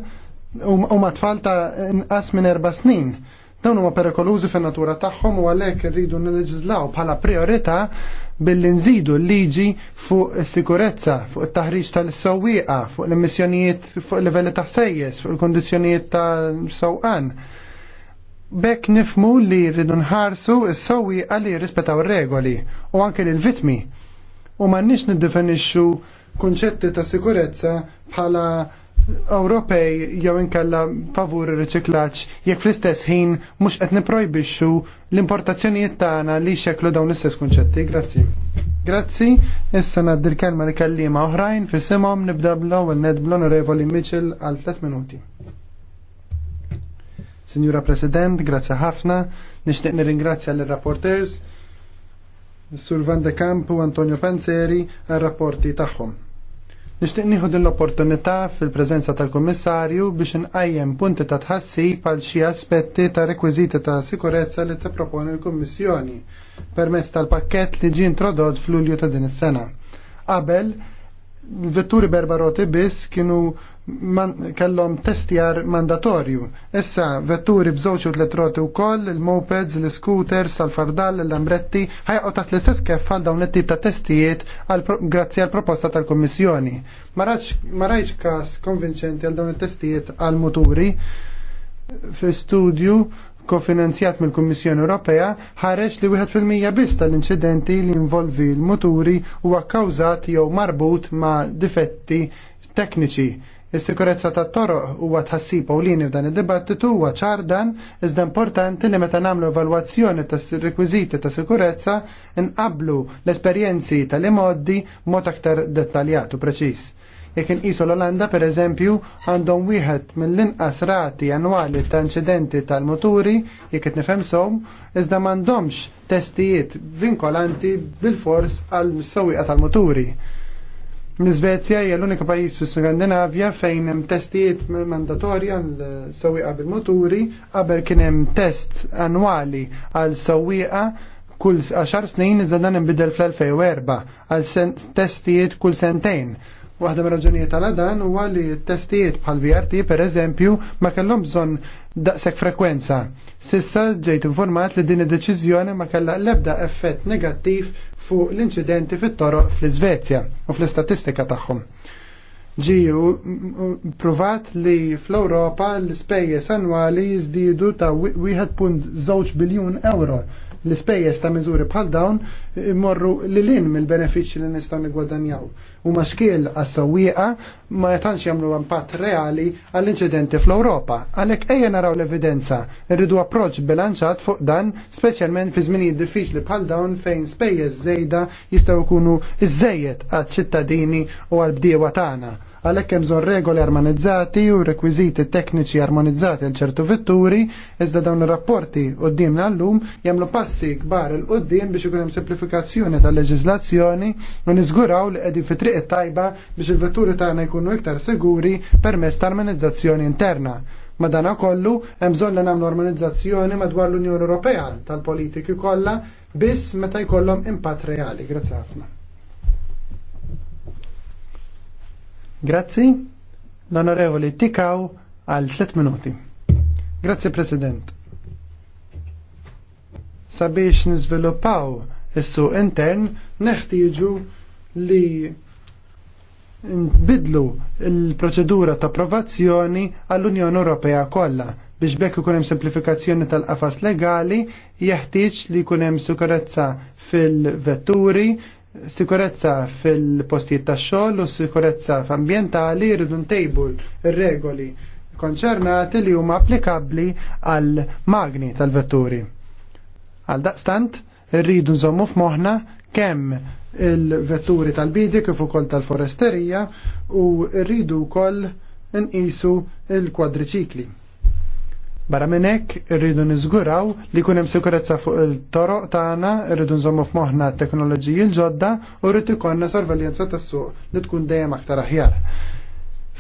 huma tfal ta' inqas minn erba' snin. Dawn huma perikolużi fin-natura tagħhom u għalhekk irridu nilleġislaw bħala priorità billi nżidu l-liġi fuq sikurezza, fuq it-taħriġ tal-sewwieqa, fuq l-emissjonijiet fuq livelli ta' sejjes, fuq il-kondizzjonijiet ta' sewqan. Bekk nifmu li rridu nħarsu s-sewwieqa li rispetaw ir-regoli u anke l vitmi U nix niddefinixxu kunċetti ta' sikurezza bħala Ewropej jew inkella favur ir-riċiklaġġ jekk fl-istess ħin mhux qed niprojbixxu l-importazzjonijiet tagħna li xeklu dawn l-istess kunċetti. Grazzi. Grazzi, issa ngħaddi l-kelma li kellima oħrajn fi simhom nibda bl-ewwel ned bl-Onorevoli Mitchell għal 3 minuti. Signora President, grazzi ħafna, nixtieq nirringrazzja l-rapporters Sur Van de Campu, u Antonio Panzeri għal rapporti tagħhom Nixtieq nieħu din l-opportunità fil prezenza tal-Kummissarju biex nqajjem punti ta' tħassib għal xi aspetti ta' rekwiżiti ta' sikurezza li tipproponi l-Kummissjoni permezz tal-pakkett li ġie introdott fl-Ulju ta' din is-sena. Qabel, vetturi berbaroti biss kienu man, kellom testjar mandatorju. Issa, vetturi bżoċu t roti u koll, il-mopeds, l-scooters, għal-fardal, l-lambretti, ħajqo taħt l-istess kif għal dawn it-tip ta' testijiet grazzi għal-proposta tal Ma Marajċ kas konvinċenti għal dawn it-testijiet għal-moturi fi studju kofinanzjat mill-Kummissjoni Ewropea ħareġ li wieħed fil-mija biss tal-inċidenti li involvi l-muturi huwa kkawżat jew marbut ma' difetti tekniċi Is-sikurezza tat-toroq huwa tħassib Pawlini f'dan id-dibattitu huwa ċar dan iżda importanti li meta nagħmlu evalwazzjoni tas-rekwiżiti ta' sikurezza nqablu l-esperjenzi tal-imoddi mod aktar dettaljat u preċiż. Jekk inqisu l-Olanda pereżempju għandhom wieħed mill-inqas rati annwali ta' inċidenti tal muturi jekk qed nifhem somm, iżda m'għandhomx testijiet vinkolanti bil-fors għal sewwieqa tal muturi L-Svezja hija l-unika pajjiż fis-Skandinavja fejn hemm testijiet mandatorji għal sewwieqa bil-muturi qabel kien hemm test annwali għal sewwieqa kull 10 snin iżda dan inbidel fl-2004 għal testijiet kull sentejn. Waħda mir raġunijiet għal dan huwa li testijiet bħal VRT pereżempju ma kellhom bżonn daqshekk frekwenza. Sissa ġejt informat li din id-deċiżjoni ma kellha l-ebda effett negattiv fuq l-inċidenti fit-toroq fl-Iżvezja u fl-istatistika tagħhom. Ġiju provat li fl-Ewropa l-ispejjeż annwali jiżdiedu ta' 1.2 biljun euro L-ispejjeż ta' miżuri bħal dawn imorru lilin mill-benefiċċji li nistgħu niggwadanjaw. U xkiel għas-sewwieqa ma tantx jagħmlu impatt reali għall-inċidenti fl-Ewropa. Għalhekk ejja naraw l-evidenza, irridu approċċ bilanċat fuq dan, speċjalment fi żminijiet diffiċli bħal dawn fejn spejjeż żejda jistgħu jkunu iż-żejjed għaċ ċittadini u għall bdiewa tagħna għalhekk hemm bżonn regoli armonizzati u rekwiżiti tekniċi armonizzati għal ċertu vetturi, iżda dawn ir-rapporti quddiem llum jagħmlu passi kbar il qudiem biex ikun hemm simplifikazzjoni tal-leġiżlazzjoni u niżguraw li qegħdin fi triq tajba biex il-vetturi tagħna jkunu iktar siguri permezz ta' armonizzazzjoni interna. Madana kollu, hemm bżonn li nagħmlu armonizzazzjoni madwar l-Unjoni Ewropea tal-politiki kollha biss meta jkollhom impatt reali. Grazzi ħafna. Grazzi, l-onorevoli Tikaw għal 3 minuti. Grazzi, President. Sabiex nizviluppaw issu intern, neħtieġu li nbidlu il-proċedura ta' approvazzjoni għall-Unjoni Ewropea kollha biex bekk ikun hemm semplifikazzjoni tal-qafas legali jeħtieġ li jkun hemm sikurezza fil-vetturi, sikurezza fil-postijiet tax-xogħol u sikurezza ambjentali jridu ntejbu r-regoli konċernati li huma applikabbli għal magni tal-vetturi. Għal daqstant, rridu nżommu f'moħħna kemm il-vetturi tal-bidi kif ukoll tal-foresterija u rridu wkoll nqisu il-kwadriċikli. Barra minn hekk nizguraw niżguraw li jkun hemm sikurezza fuq il-toroq tagħna, rridu nżommu f'moħħna t-teknoloġiji l-ġodda u rrid ikollna sorvaljenza tas-suq li tkun dejjem aktar aħjar.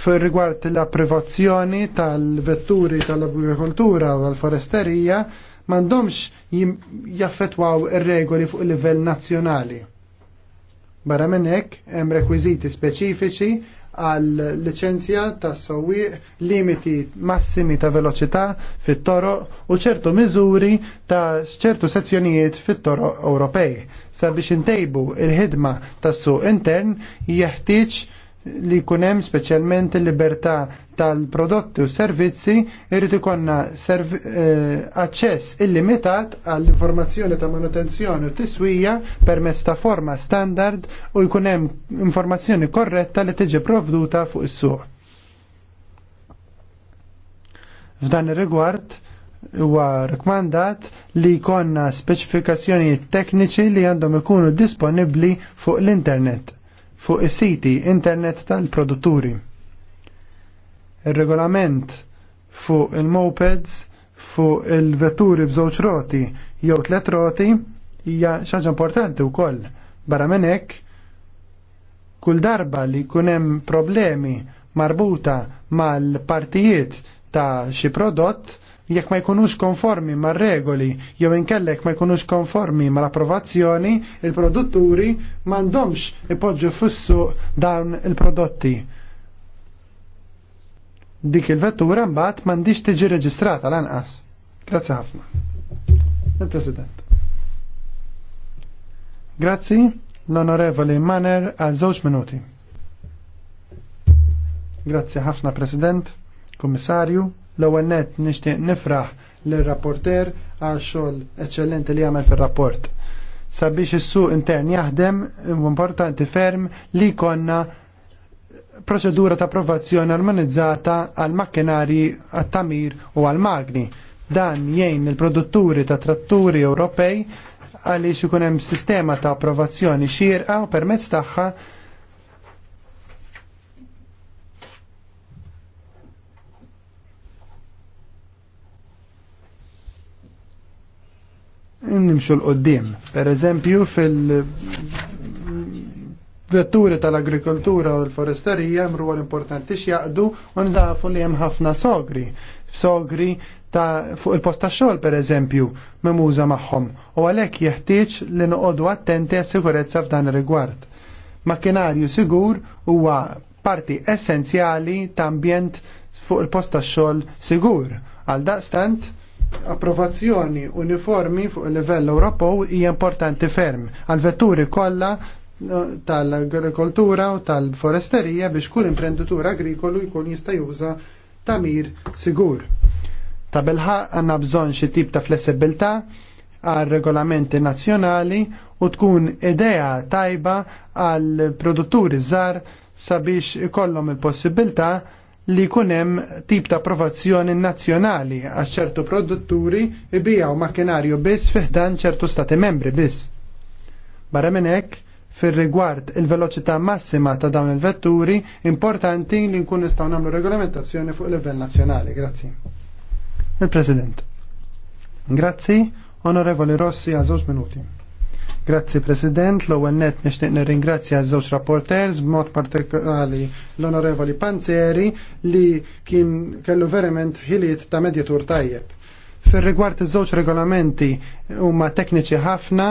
Fur rigward la privazzjoni tal-vetturi tal-agrikoltura u tal-foresterija m'għandhomx jaffetwaw ir-regoli fuq il-livell nazzjonali. Barra minn hekk hemm rekwiżiti speċifiċi għal licenzja ta' sawwieq limiti massimi ta' veloċità fit-toro u ċertu miżuri ta' ċertu sezzjonijiet fit-toro Ewropej. Sabiex intejbu il-ħidma tas-suq intern jeħtieġ li kunem specialment il-libertà tal-prodotti u servizzi irrid ikonna serv eh, aċċess illimitat għall-informazzjoni ta' manutenzjoni u tiswija permezz ta' forma standard u jkun hemm informazzjoni korretta li tiġi provduta fuq is-suq. F'dan ir-rigward, huwa rekomandat li jkollna speċifikazzjonijiet tekniċi li għandhom ikunu disponibbli fuq l-internet fuq is-siti internet tal-produtturi. Ir-regolament fuq il-mopeds fuq il-vetturi b'żewġ roti jew tliet roti hija xi ħaġa importanti wkoll. Barra minn hekk kull darba li jkun hemm problemi marbuta mal-partijiet ta' xi prodott jekk ma jkunux konformi ma' regoli jew inkellek ma jkunux konformi ma' l-approvazzjoni, il-produtturi m'għandhomx ipoġġu fissu dawn il-prodotti. Dik il-vettura mbagħad m'għandix tiġi reġistrata lanqas. Grazzi ħafna. Il-President. Grazzi l-Onorevoli Manner għal żewġ minuti. Grazzi ħafna President, Kummissarju, L-ewwel nett nixtieq nifraħ lir-rapporter għal xogħol eċċellenti li għamel fir-rapport. Sabiex is-suq intern jaħdem, importanti ferm li konna proċedura ta' approvazzjoni armonizzata għal makkinari għat-tamir u għal magni. Dan jgħin il-produtturi ta' tratturi Ewropej għaliex ikun hemm sistema ta' approvazzjoni xierqa u permezz tagħha nimxu l-qoddim. Per eżempju, fil-vetturi tal-agrikoltura u l-foresterija mru għal importanti x'jaqdu u nżafu li hemm ħafna sogri. Sogri ta' fuq il-post ta' xogħol pereżempju memuża magħhom u għalhekk jeħtieġ li noqogħdu attenti għas-sikurezza f'dan ir-rigward. Makinarju sigur huwa parti essenzjali ta' ambjent fuq il-post ta' xogħol sigur. Għal daqstant, approvazzjoni uniformi fuq il-livell Ewropew hija importanti ferm għal vetturi kollha tal-agrikoltura u tal-foresterija biex kull imprenditur agrikolu jkun jista' juża tamir sigur. Ta' bilħaq għandna bżonn xi tip ta' flessibilità għal regolamenti nazzjonali u tkun idea tajba għal produtturi żgħar sabiex ikollhom il-possibilità li kunem tip ta' approvazzjoni nazzjonali għax ċertu produtturi ibijaw makinarju biss fiħdan ċertu stati membri biss. Barra minn hekk, fir-rigward il-veloċità massima ta' dawn il-vetturi, importanti li nkun nistgħu nagħmlu regolamentazzjoni fuq livell nazzjonali. Grazzi. Il-President. Grazzi, Onorevoli Rossi, għal minuti. Grazzi President, l-ewwel nett nixtieq nirringrazzja ż-żewġ rapporters b'mod partikolari l-Onorevoli Panzeri li kien kellu verament ħiliet ta' medjatur tajjeb. fil rigward iż-żewġ regolamenti huma tekniċi ħafna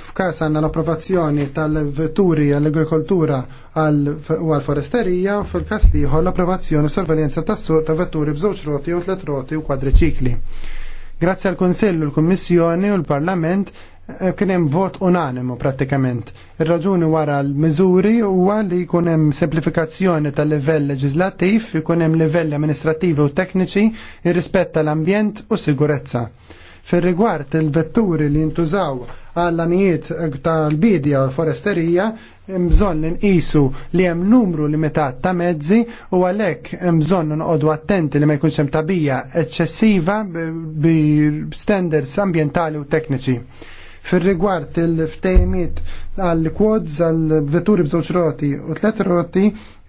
f'każ għandna l-approvazzjoni tal-vetturi għall-agrikoltura u għall-foresterija u fil-każ liħor l-approvazzjoni u sorveljenza tas-suq ta' vetturi b'żewġ roti u tliet roti u kwadriċikli. Grazzi għal Konsellu, l kummissjoni u l-Parlament Eh, kien hemm vot unanimu prattikament. Ir-raġuni wara l-miżuri huwa li jkun hemm semplifikazzjoni tal-livell leġislattiv, ikun hemm livelli amministrativi u tekniċi irrispetta l-ambjent u sigurezza. Fir-rigward il-vetturi li jintużaw għall-anijiet tal-bidja u l-foresterija, bżonn li nqisu li hemm numru limitat ta' mezzi u għalhekk hemm bżonn nqogħdu attenti li ma jkunx hemm tabija eċċessiva bi standards ambjentali u tekniċi Fil-rigward il ftejmit għal-kwods għal-vetturi bżewġ roti u tlet roti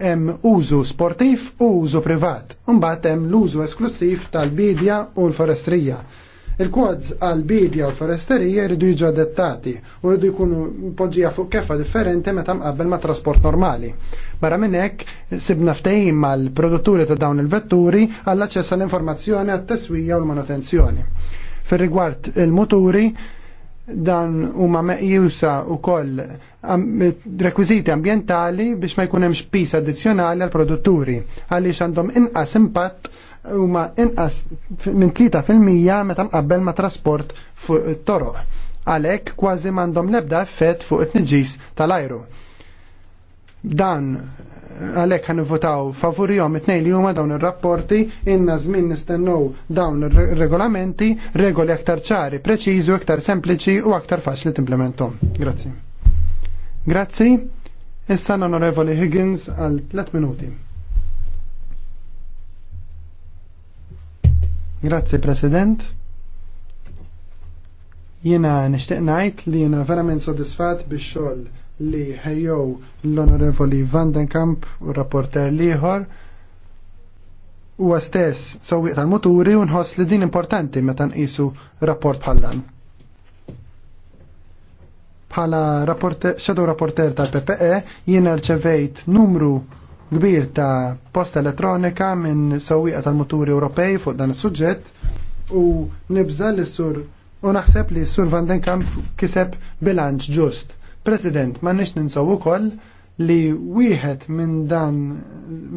hemm użu sportiv u użu privat. Mbagħad hemm l-użu esklusiv tal-bidja u l-forestrija. Il-kwods għal-bidja u l forestrija jridu jiġu adattati u jridu jkunu poġġija fuq kefa differenti meta mqabbel ma' trasport normali. Barra minn hekk sibna ftehim mal-produtturi ta' dawn il-vetturi għall-aċċess għall-informazzjoni għat-teswija u l-manutenzjoni. Fir-rigward il-muturi, dan huma meqjusa wkoll rekwiżiti ambjentali biex ma jkun hemm addizjonali addizzjonali għall produtturi għaliex għandhom inqas impatt huma inqas minn 3% meta mqabbel ma' trasport fuq it-toroq. Għalhekk kważi m'għandhom l-ebda effett fuq it nġis tal-ajru. Dan għalek għan votaw favurijom it-nej li huma dawn il-rapporti, inna zmin nistennow dawn il-regolamenti, regoli aktar ċari, preċiżi, aktar sempliċi u aktar faċli t-implementom. Grazzi. Grazzi. Issa l-Onorevoli Higgins għal 3 minuti. Grazzi, President. Jena nishtiq najt li jena verament sodisfat biex xogħol li ħejjow l-Onorevoli Vandenkamp u rapporter liħor huwa stess sewwieq tal-muturi u nħoss li din importanti meta nqisu rapport bħal dan. Bħala xedow rapporter tal-PPE jiena rċevejt numru kbir ta' posta elettronika minn sewwieqa tal-muturi Ewropej fuq dan is-suġġett u nibża li sur u naħseb li s sur Vandenkamp kiseb bilanċ ġust President, ma nix ninsaw ukoll li wieħed minn dan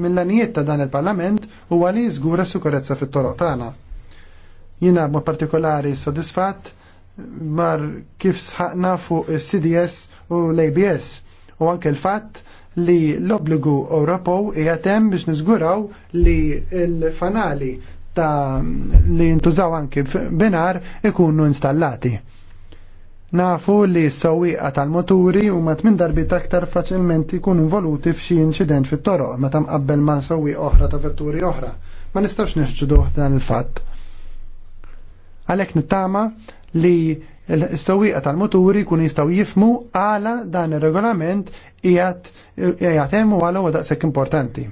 mill ta' dan il-Parlament huwa li żgura sikurezza fit-toroq tagħna. Jiena ma' partikolari sodisfatt mar kif sħaqna fuq CDS u l-ABS u anke l-fatt li l-obligu Ewropew qiegħed hemm biex niżguraw li l-fanali ta' li jintużaw anki binar ikunu installati. Nafu li s-sawiqa tal-moturi u mat minn darbi taktar faċilment ikun involuti f'xi incident fit-toroq meta mqabbel ma' sawi oħra ta' vetturi oħra. Ma nistax neħġudu dan il-fatt. Għalhekk nittama li s-sawiqa tal-moturi kun jistaw jifmu għala dan il-regolament jgħat jgħatemu għala u daqsek importanti.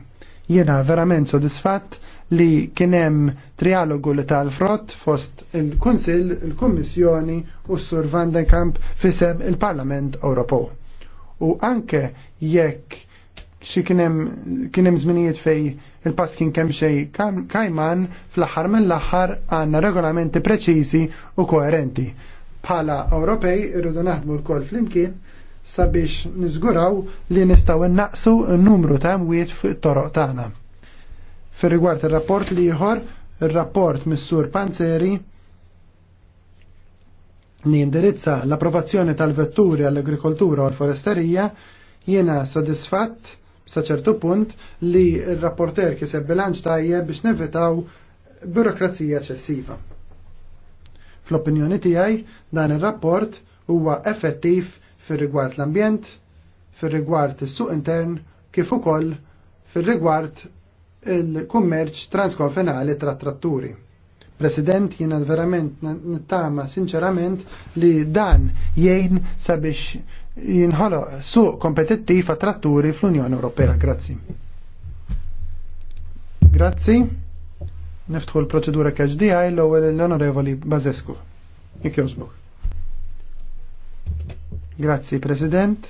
Jena verament sodisfatt li kienem trialogu li tal-frott fost il-Kunsil, il-Kommissjoni u s-Sur Van den Kamp fiseb il-Parlament Ewropew. U anke jekk xi kienem żminijiet fej il-pass kien kemm xej kajman fl-aħħar mill-aħħar għandna regolamenti preċiżi u koerenti. Bħala Ewropej irridu naħdmu l-kol flimkien sabiex niżguraw li nistgħu innaqsu n-numru ta' mwiet fuq it-toroq tagħna Fir rigward ir-rapport li ieħor, ir-rapport mis-Sur Panzeri li indirizza l-approvazzjoni tal-vetturi għall-agrikoltura u l-foresterija, jiena sodisfatt ċertu punt li r-rapporter kiseb bilanċ tajjeb biex nevitaw burokrazija ċessiva. Fl-opinjoni tiegħi dan ir-rapport huwa effettiv fir-rigward l-ambjent, fir-rigward is-suq intern kif ukoll fir-rigward il-kummerċ transkonfenali tra tratturi. President, jiena verament nittama sinċerament li dan jgħin sabiex jinħolo su kompetittiv għat tratturi fl-Unjoni Ewropea. Grazzi. Grazzi. Niftħu l-proċedura KHDI l-ewwel l-Onorevoli Bazescu. Jekk Grazzi, President.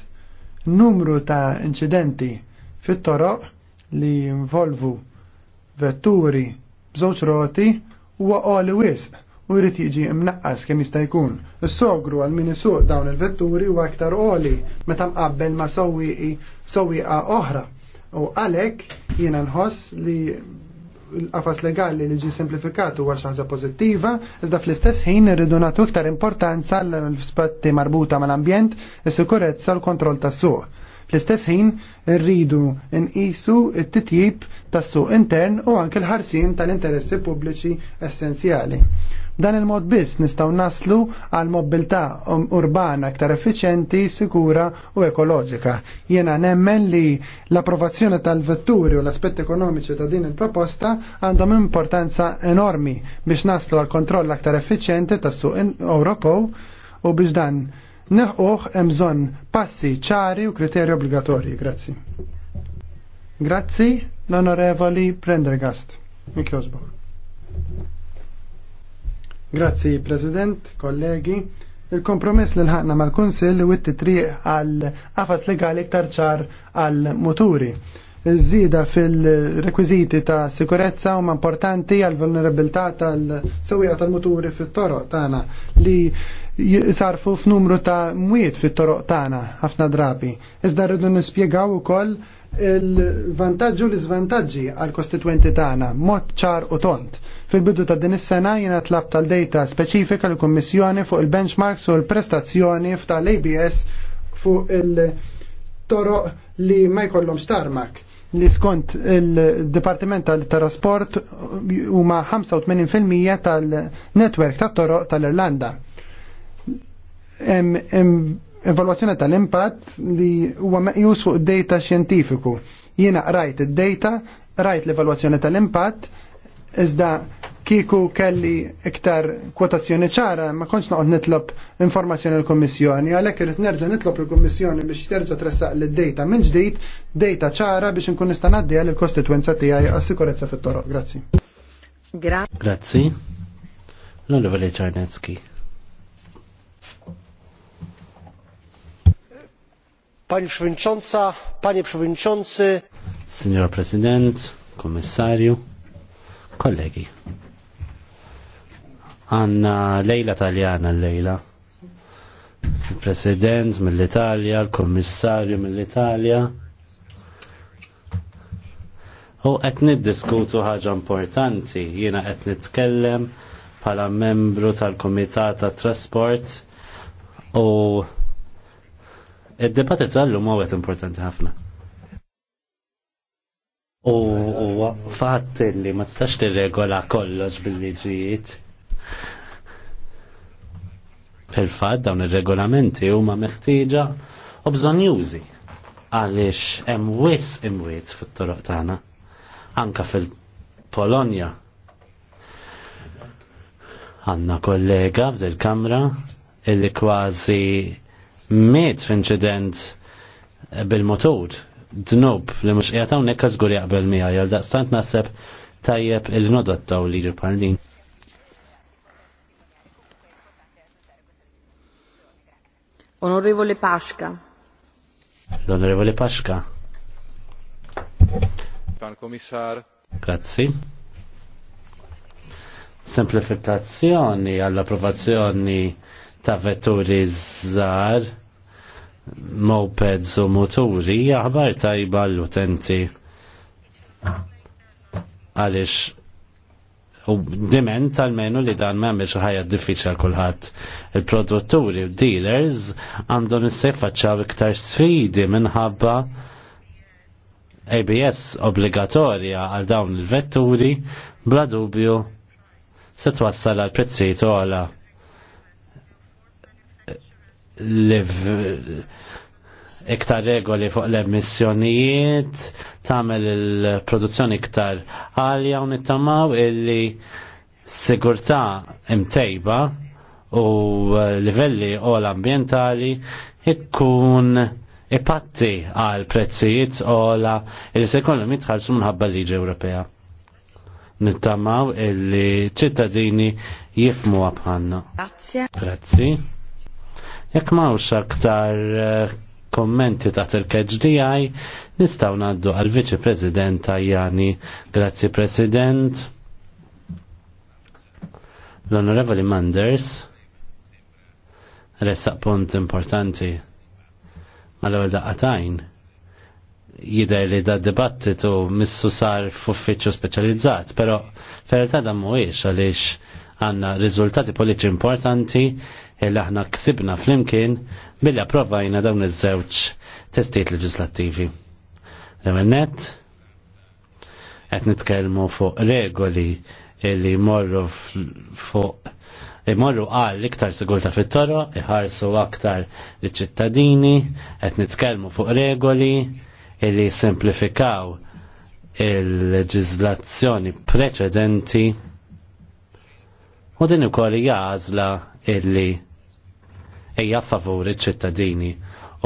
Numru ta' incidenti fit-toroq li jinvolvu vetturi bżewġ roti huwa qoli wisq u jrid jiġi imnaqqas kemm jista' jkun. Is-sogru għal min isuq dawn il-vetturi huwa aktar qoli meta mqabbel ma' sewwieqi sewwieqa oħra. U għalhekk jiena nħoss li l-qafas legali li ġi simplifikat huwa xi ħaġa pożittiva, iżda fl-istess ħin irridu nagħtu iktar importanza l-aspetti marbuta mal-ambjent, is-sikurezza u l-kontroll tas-suq. Fl-istess ħin rridu nqisu t-titjib tas-suq intern u anke l-ħarsin tal-interessi pubbliċi essenzjali. Dan il-mod biss nistgħu naslu għal mobilità um, urbana aktar effiċenti, sikura u ekoloġika. Jiena nemmen li l-approvazzjoni tal-vetturi u l-aspetti ekonomiċi ta' din il-proposta għandhom importanza enormi biex naslu għal kontroll aktar effiċjenti tas-suq Ewropew u biex dan neħuħ hemm bżonn passi ċari u kriterji obbligatorji. Grazzi. Grazzi l-Onorevoli Prendergast. Mikjosbok. Grazzi President, kollegi. Il-kompromess li l-ħakna mal-Kunsill li witti triq għal qafas legali iktar ċar għal muturi. Iż-żieda fil-rekwiziti ta' sikurezza huma importanti għal vulnerabilità tal-sewwieqa tal-muturi fit-toroq tagħna li sarfu f'numru ta' mwiet fit-toroq tagħna ħafna drabi. Iżda rridu nispjegaw ukoll il vantagġu l iżvantaġġi għal kostituenti tagħna mod ċar u tont. Fil-bidu ta' din is-sena jiena tlab tal-data speċifika l kummissjoni fuq il-benchmarks u l-prestazzjoni tal-ABS fuq il-toroq li ma jkollhomx starmak li skont il-Departiment tal-Trasport huma 85% tal-netwerk tat-toroq tal-Irlanda. tal netwerk tat toroq tal irlanda tal netwerk toroq tal irlanda evalwazzjoni tal-impatt li huwa meqjus fuq data xjentifiku. Jiena rajt id-data, rajt l-evalwazzjoni tal-impatt, iżda kieku kelli iktar kwotazzjoni ċara ma konċ noqgħod nitlob informazzjoni l-Kommissjoni, għalhekk irid nerġa' nitlob l-Kommissjoni biex terġa' tressaq lid-data minn ġdid, data ċara biex inkun nista' ngħaddiha lill-kostitwenza tiegħi għas-sikurezza fit-toroq. Grazzi. Grazzi. L-Onorevoli Czarnecki. Pani Przewodnicząca, Panie Przewodniczący. Signor President, Kommissarju, kollegi. Għanna lejla taljana lejla Il-President mill-Italja, il-Kommissarju mill-Italja. U qed niddiskutu ħaġa importanti, jiena qed nitkellem bħala membru tal-Kumitat tat Trasport u Id-debattitu ma għawet importanti ħafna. U fatt li ma tistax tirregola kollox bil-liġijiet. Fil-fatt dawn ir-regolamenti huma meħtieġa u bżonn jużi għaliex hemm wis imwiet fit-toroq tagħna anka fil-Polonja. Għanna kollega f'dil kamra illi kważi miet f'inċident bil motod dnub li mux qiegħed hawnhekk għażgur jaqbel miegħi għal daqstant naħseb tajjeb il-nodottaw liġi bħal din. Onorevole l L'onorevole Pasca. Pan komissar. Grazzi. Semplifikazzjoni għall-approvazzjoni ta' vetturi żgħar mopeds u moturi jaħbar tajba l-utenti għalix u diment tal-menu li dan ma għamilx ħajja diffiċal għal kulħadd. Il-produtturi u dealers għandhom issejfaċċaw iktar sfidi minħabba ABS obbligatorja għal dawn il-vetturi bla dubju se twassal għal prezzijiet għala iktar regoli fuq l-emissjonijiet, tagħmel il-produzzjoni iktar għalja u nittamaw illi sigurta imtejba u livelli u l-ambientali ikkun ipatti għal prezzijiet la il se jkollu mitħarsu minħabba liġi Ewropea. Nittamaw illi ċittadini jifmu għabħanna. Grazie. Grazie. Jekk mawx aktar eh, kommenti ta' il kgdi nistaw naddu għal viċi President Tajani. Grazzi President. L-Onorevoli Manders Ressa punt importanti mal-ewwel daqqatajn jidher li da dibattitu missu sar f'uffiċċju speċjalizzat, però f'realtà da' mhuwiex għaliex għandna riżultati politiċi importanti illi aħna ksibna flimkien billi approvajna dawn iż-żewġ testijiet leġislattivi. L-għennet, qed fuq regoli illi morru fuq imorru għal iktar sigurta fit-toro, iħarsu aktar li ċittadini qed nitkellmu fuq regoli illi simplifikaw il-leġizlazzjoni preċedenti u din ukoll jażla illi hija favuri ċittadini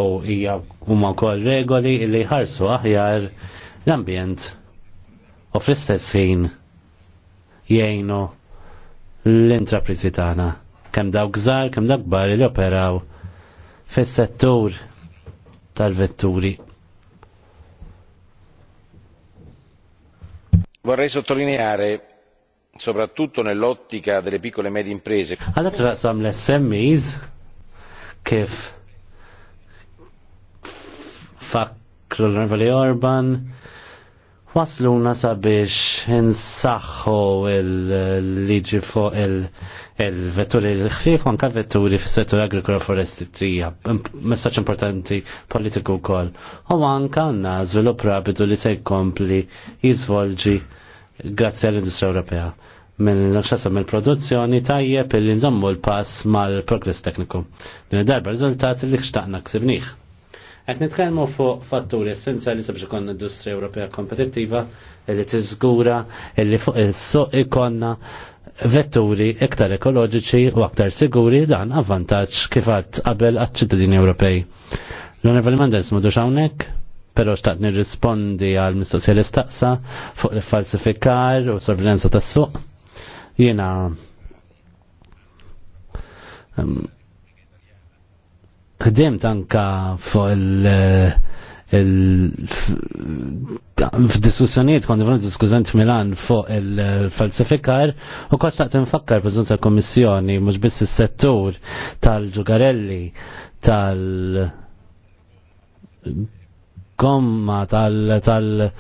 u hija huma wkoll regoli li jħarsu aħjar l-ambjent u fl-istess ħin jgħinu l-intraprizi tagħna kemm dawk żgħar, kemm dawk kbar li operaw fis-settur tal-vetturi. Vorrei sottolineare soprattutto nell'ottica delle piccole e medie imprese. Allora, sono l-SMEs kif fakru l-Rivali Orban wasluna sabiex insaxħu il-liġi fuq il-vetturi l-ħfif, anka vetturi fis settur agrikola forestitrija, messaċ importanti politiku kol. U anka għanna zvilup rapidu li se jkompli jizvolġi grazzi għall-Industria Ewropea mill-nxasa mill-produzzjoni tajjeb il nżommu l-pass mal-progress tekniku. Din id-darba rizultat li xtaqna ksibniħ. Qed nitkellmu fuq fatturi essenzjali sabiex ikon industrija Ewropea kompetittiva li tiżgura li fuq is-suq ikonna vetturi iktar ekoloġiċi u aktar siguri dan avvantaġġ kif qabel għat ċittadini Ewropej. L-Onorevoli Mandels mudux hawnhekk? pero xtaqt nirrispondi għal mistoqsija l-istaqsa fuq il-falsifikar u sorvilenza tas suq Jena ħdimt anka fuq il- f'diskussjonijiet kont nifront diskużant Milan fuq il-falsifikar u kont naqt nfakkar preżent tal komissjoni mhux biss is-settur tal-ġugarelli tal komma tal tal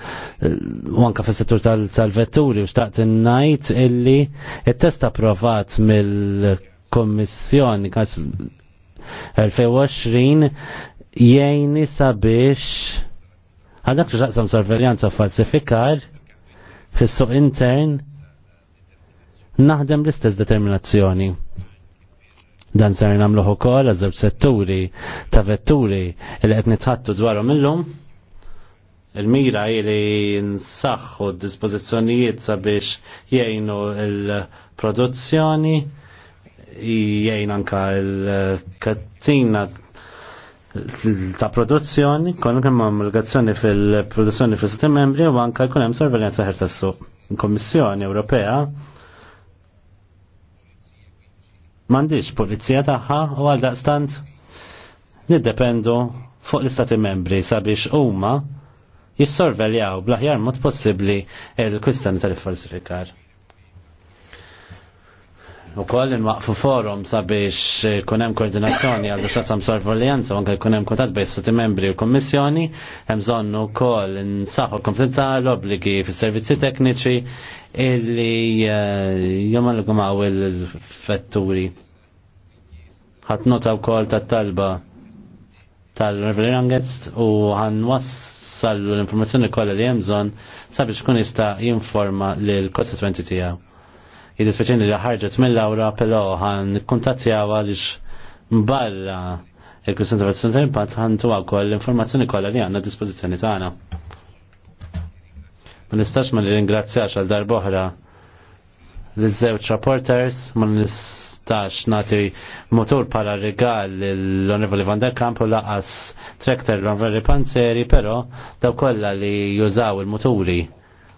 wanka fis settur tal-vetturi u xtaqt najt illi il-test approvat mill-Kommissjoni 2020 jgħini sabiex għadak li xaqsam sorveljanza falsifikar fis-suq intern naħdem l-istess determinazzjoni. Dan ser namluħu kol għazzab setturi ta' vetturi li qed nitħattu dwarhom illum. Il-mira li nsaxħu d-dispozizjonijiet sabiex jgħinu il-produzzjoni, jgħin anka il-kattina ta' produzzjoni, konu kemmu amulgazzjoni fil-produzzjoni fil-sitti membri u anka jkun hemm sorveljanza ħer tas-suq. Il-Kommissjoni Ewropea m'għandix pulizija tagħha u għal daqstant niddependu fuq l-istati membri sabiex huma jissorveljaw blaħjar mod possibbli il-kwistjoni tal-falsifikar. U koll nwaqfu forum sabiex kunem koordinazzjoni għal biex għasam sorveljanza u anke kunem kontat bejn stati membri u kommissjoni, hemm koll n nsaħħu kompetenza l-obbligi fis-servizzi tekniċi illi eh, l il-fetturi. Għat nota wkoll tat-talba tal-Reverend u ħanwass wassallu l-informazzjoni kollha li hemm bżonn sabiex jista' jinforma lil kostituenti tiegħu. Jidispeċini li ħarġet mill-awra però ħan kuntattjaw għaliex mbarra il tijaw ta' impatt tuwa wkoll l-informazzjoni kollha li għandna dispozizjoni tagħna. Ma nistax ma nirringrazzjax għal darboħra l-żewġ rapporters, ma nistax 2013 nati motor pala regal l-Onorevoli Van der Kamp u laqas traktor l-Onorevoli Panzeri, pero daw kolla li jużaw il motori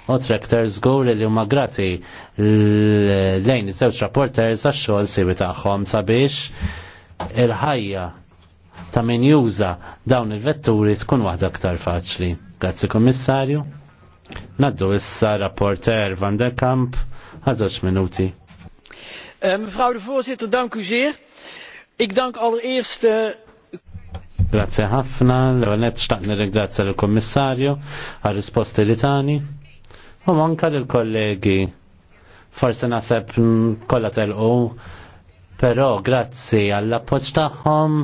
u traktor zgur li huma grati lejn iż-żewġ rapporters għax-xogħol sibi tagħhom sabiex il-ħajja ta' min juża dawn il-vetturi tkun waħda aktar faċli. Grazzi Kommissarju. Naddu issa rapporter Van der Kamp għażoġ minuti. Eh, mevrouw de voorzitter, dank u zeer. Ik dank allereerst. Eh, Grazie ħafna, l-għanet xtaqt nirringrazzja l-Kommissarju għal risposti li tani u manka l-kollegi. Forse naseb kollha telqu, però grazzi għall-appoġġ tagħhom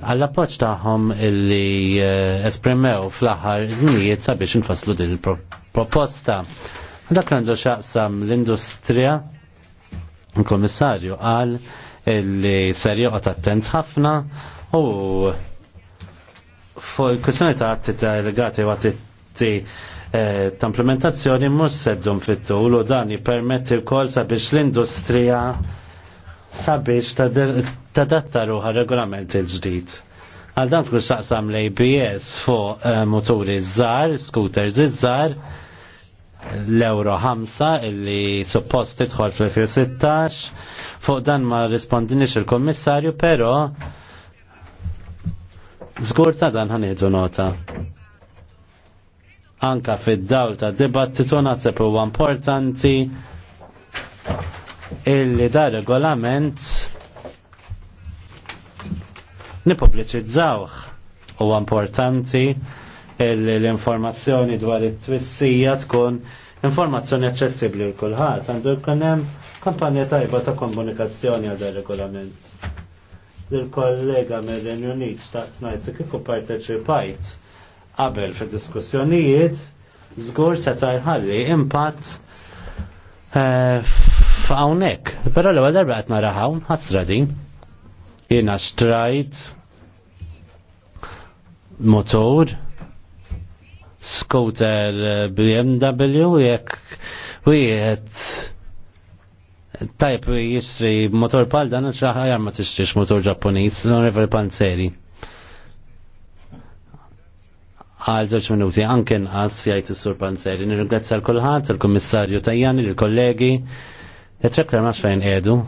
għall-appoġġ tagħhom eh, esprimew fl-aħħar żminijiet sabiex infasslu din il-proposta. Dak għandu xaqsam l-industrija Il-Komissarju qal li ser joqgħod attent ħafna u fuq il-kwistjoni ta' atti delegati u atti eh, ta' implementazzjoni mhux seddum fit-tul u dan jippermetti wkoll sabiex l-industrija sabiex tadatta ruħa regolament il-ġdid. Għal dan kull saqsam l-ABS fuq eh, moturi żgħar, scooters iż-żgħar, l-euro 5 illi suppost tidħol fl-2016 fuq dan ma rispondinix il-kommissarju pero zgur ta' dan ħanidu nota anka fid-dawl ta' dibattitu naħseb huwa importanti illi da' regolament nipubliċizzawh huwa importanti l-informazzjoni dwar it-twissija tkun informazzjoni aċċessibbli l kulħadd għandu jkun hemm kampanja tajba ta' komunikazzjoni għal dan regolament. Lill-kollega mir-Renju Unit xtaqt ngħid kif parteċipajt qabel fid-diskussjonijiet żgur se tajħalli impatt eh, f'hawnhekk. Però l-ewwel darba qed nara hawn ħasra din. Jiena xtrajt motor scooter eh, BMW jekk wieħed tajb jixtri motor pal dan xaħjar ma tixtrix motor Ġappuniż, non river panzeri. Għal żewġ minuti anke nqas jgħid is-sur Panzeri. Nirringrazzja l kulħadd, il-Kummissarju Tajjani, il-kollegi. Et rektar ma xejn edu,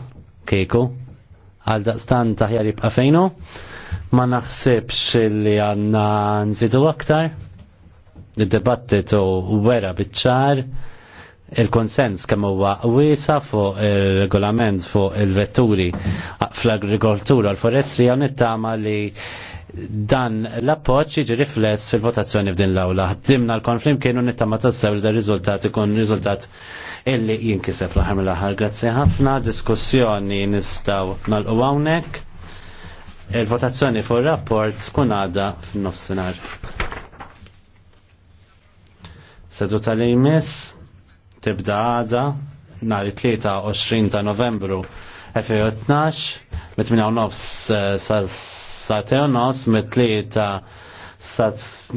kieku għal daqstan taħjar jibqa fejnu, ma naħsibx li għanna nżidu aktar. Id-debattitu wera biċ-ċar il-konsens kemm huwa wiesa fuq il-regolament fuq il-vetturi fl-agrikoltura u l-forestri għan nittama li dan l-appoċ jiġi rifless fil-votazzjoni f'din l-awla. Dimna l-konflim kienu nittama tassew li da riżultat ikun riżultat illi jinkiseb l-ħar mill-ħar. Grazzi ħafna, diskussjoni nistaw nal hawnhekk. għawnek. Il-votazzjoni fuq il-rapport kun għada f'nofsinar. Sedu tal-Imis tibda għada nar 23 ta' novembru 2012 mit 8 nofs sa' sa' teonos mit 3 sa'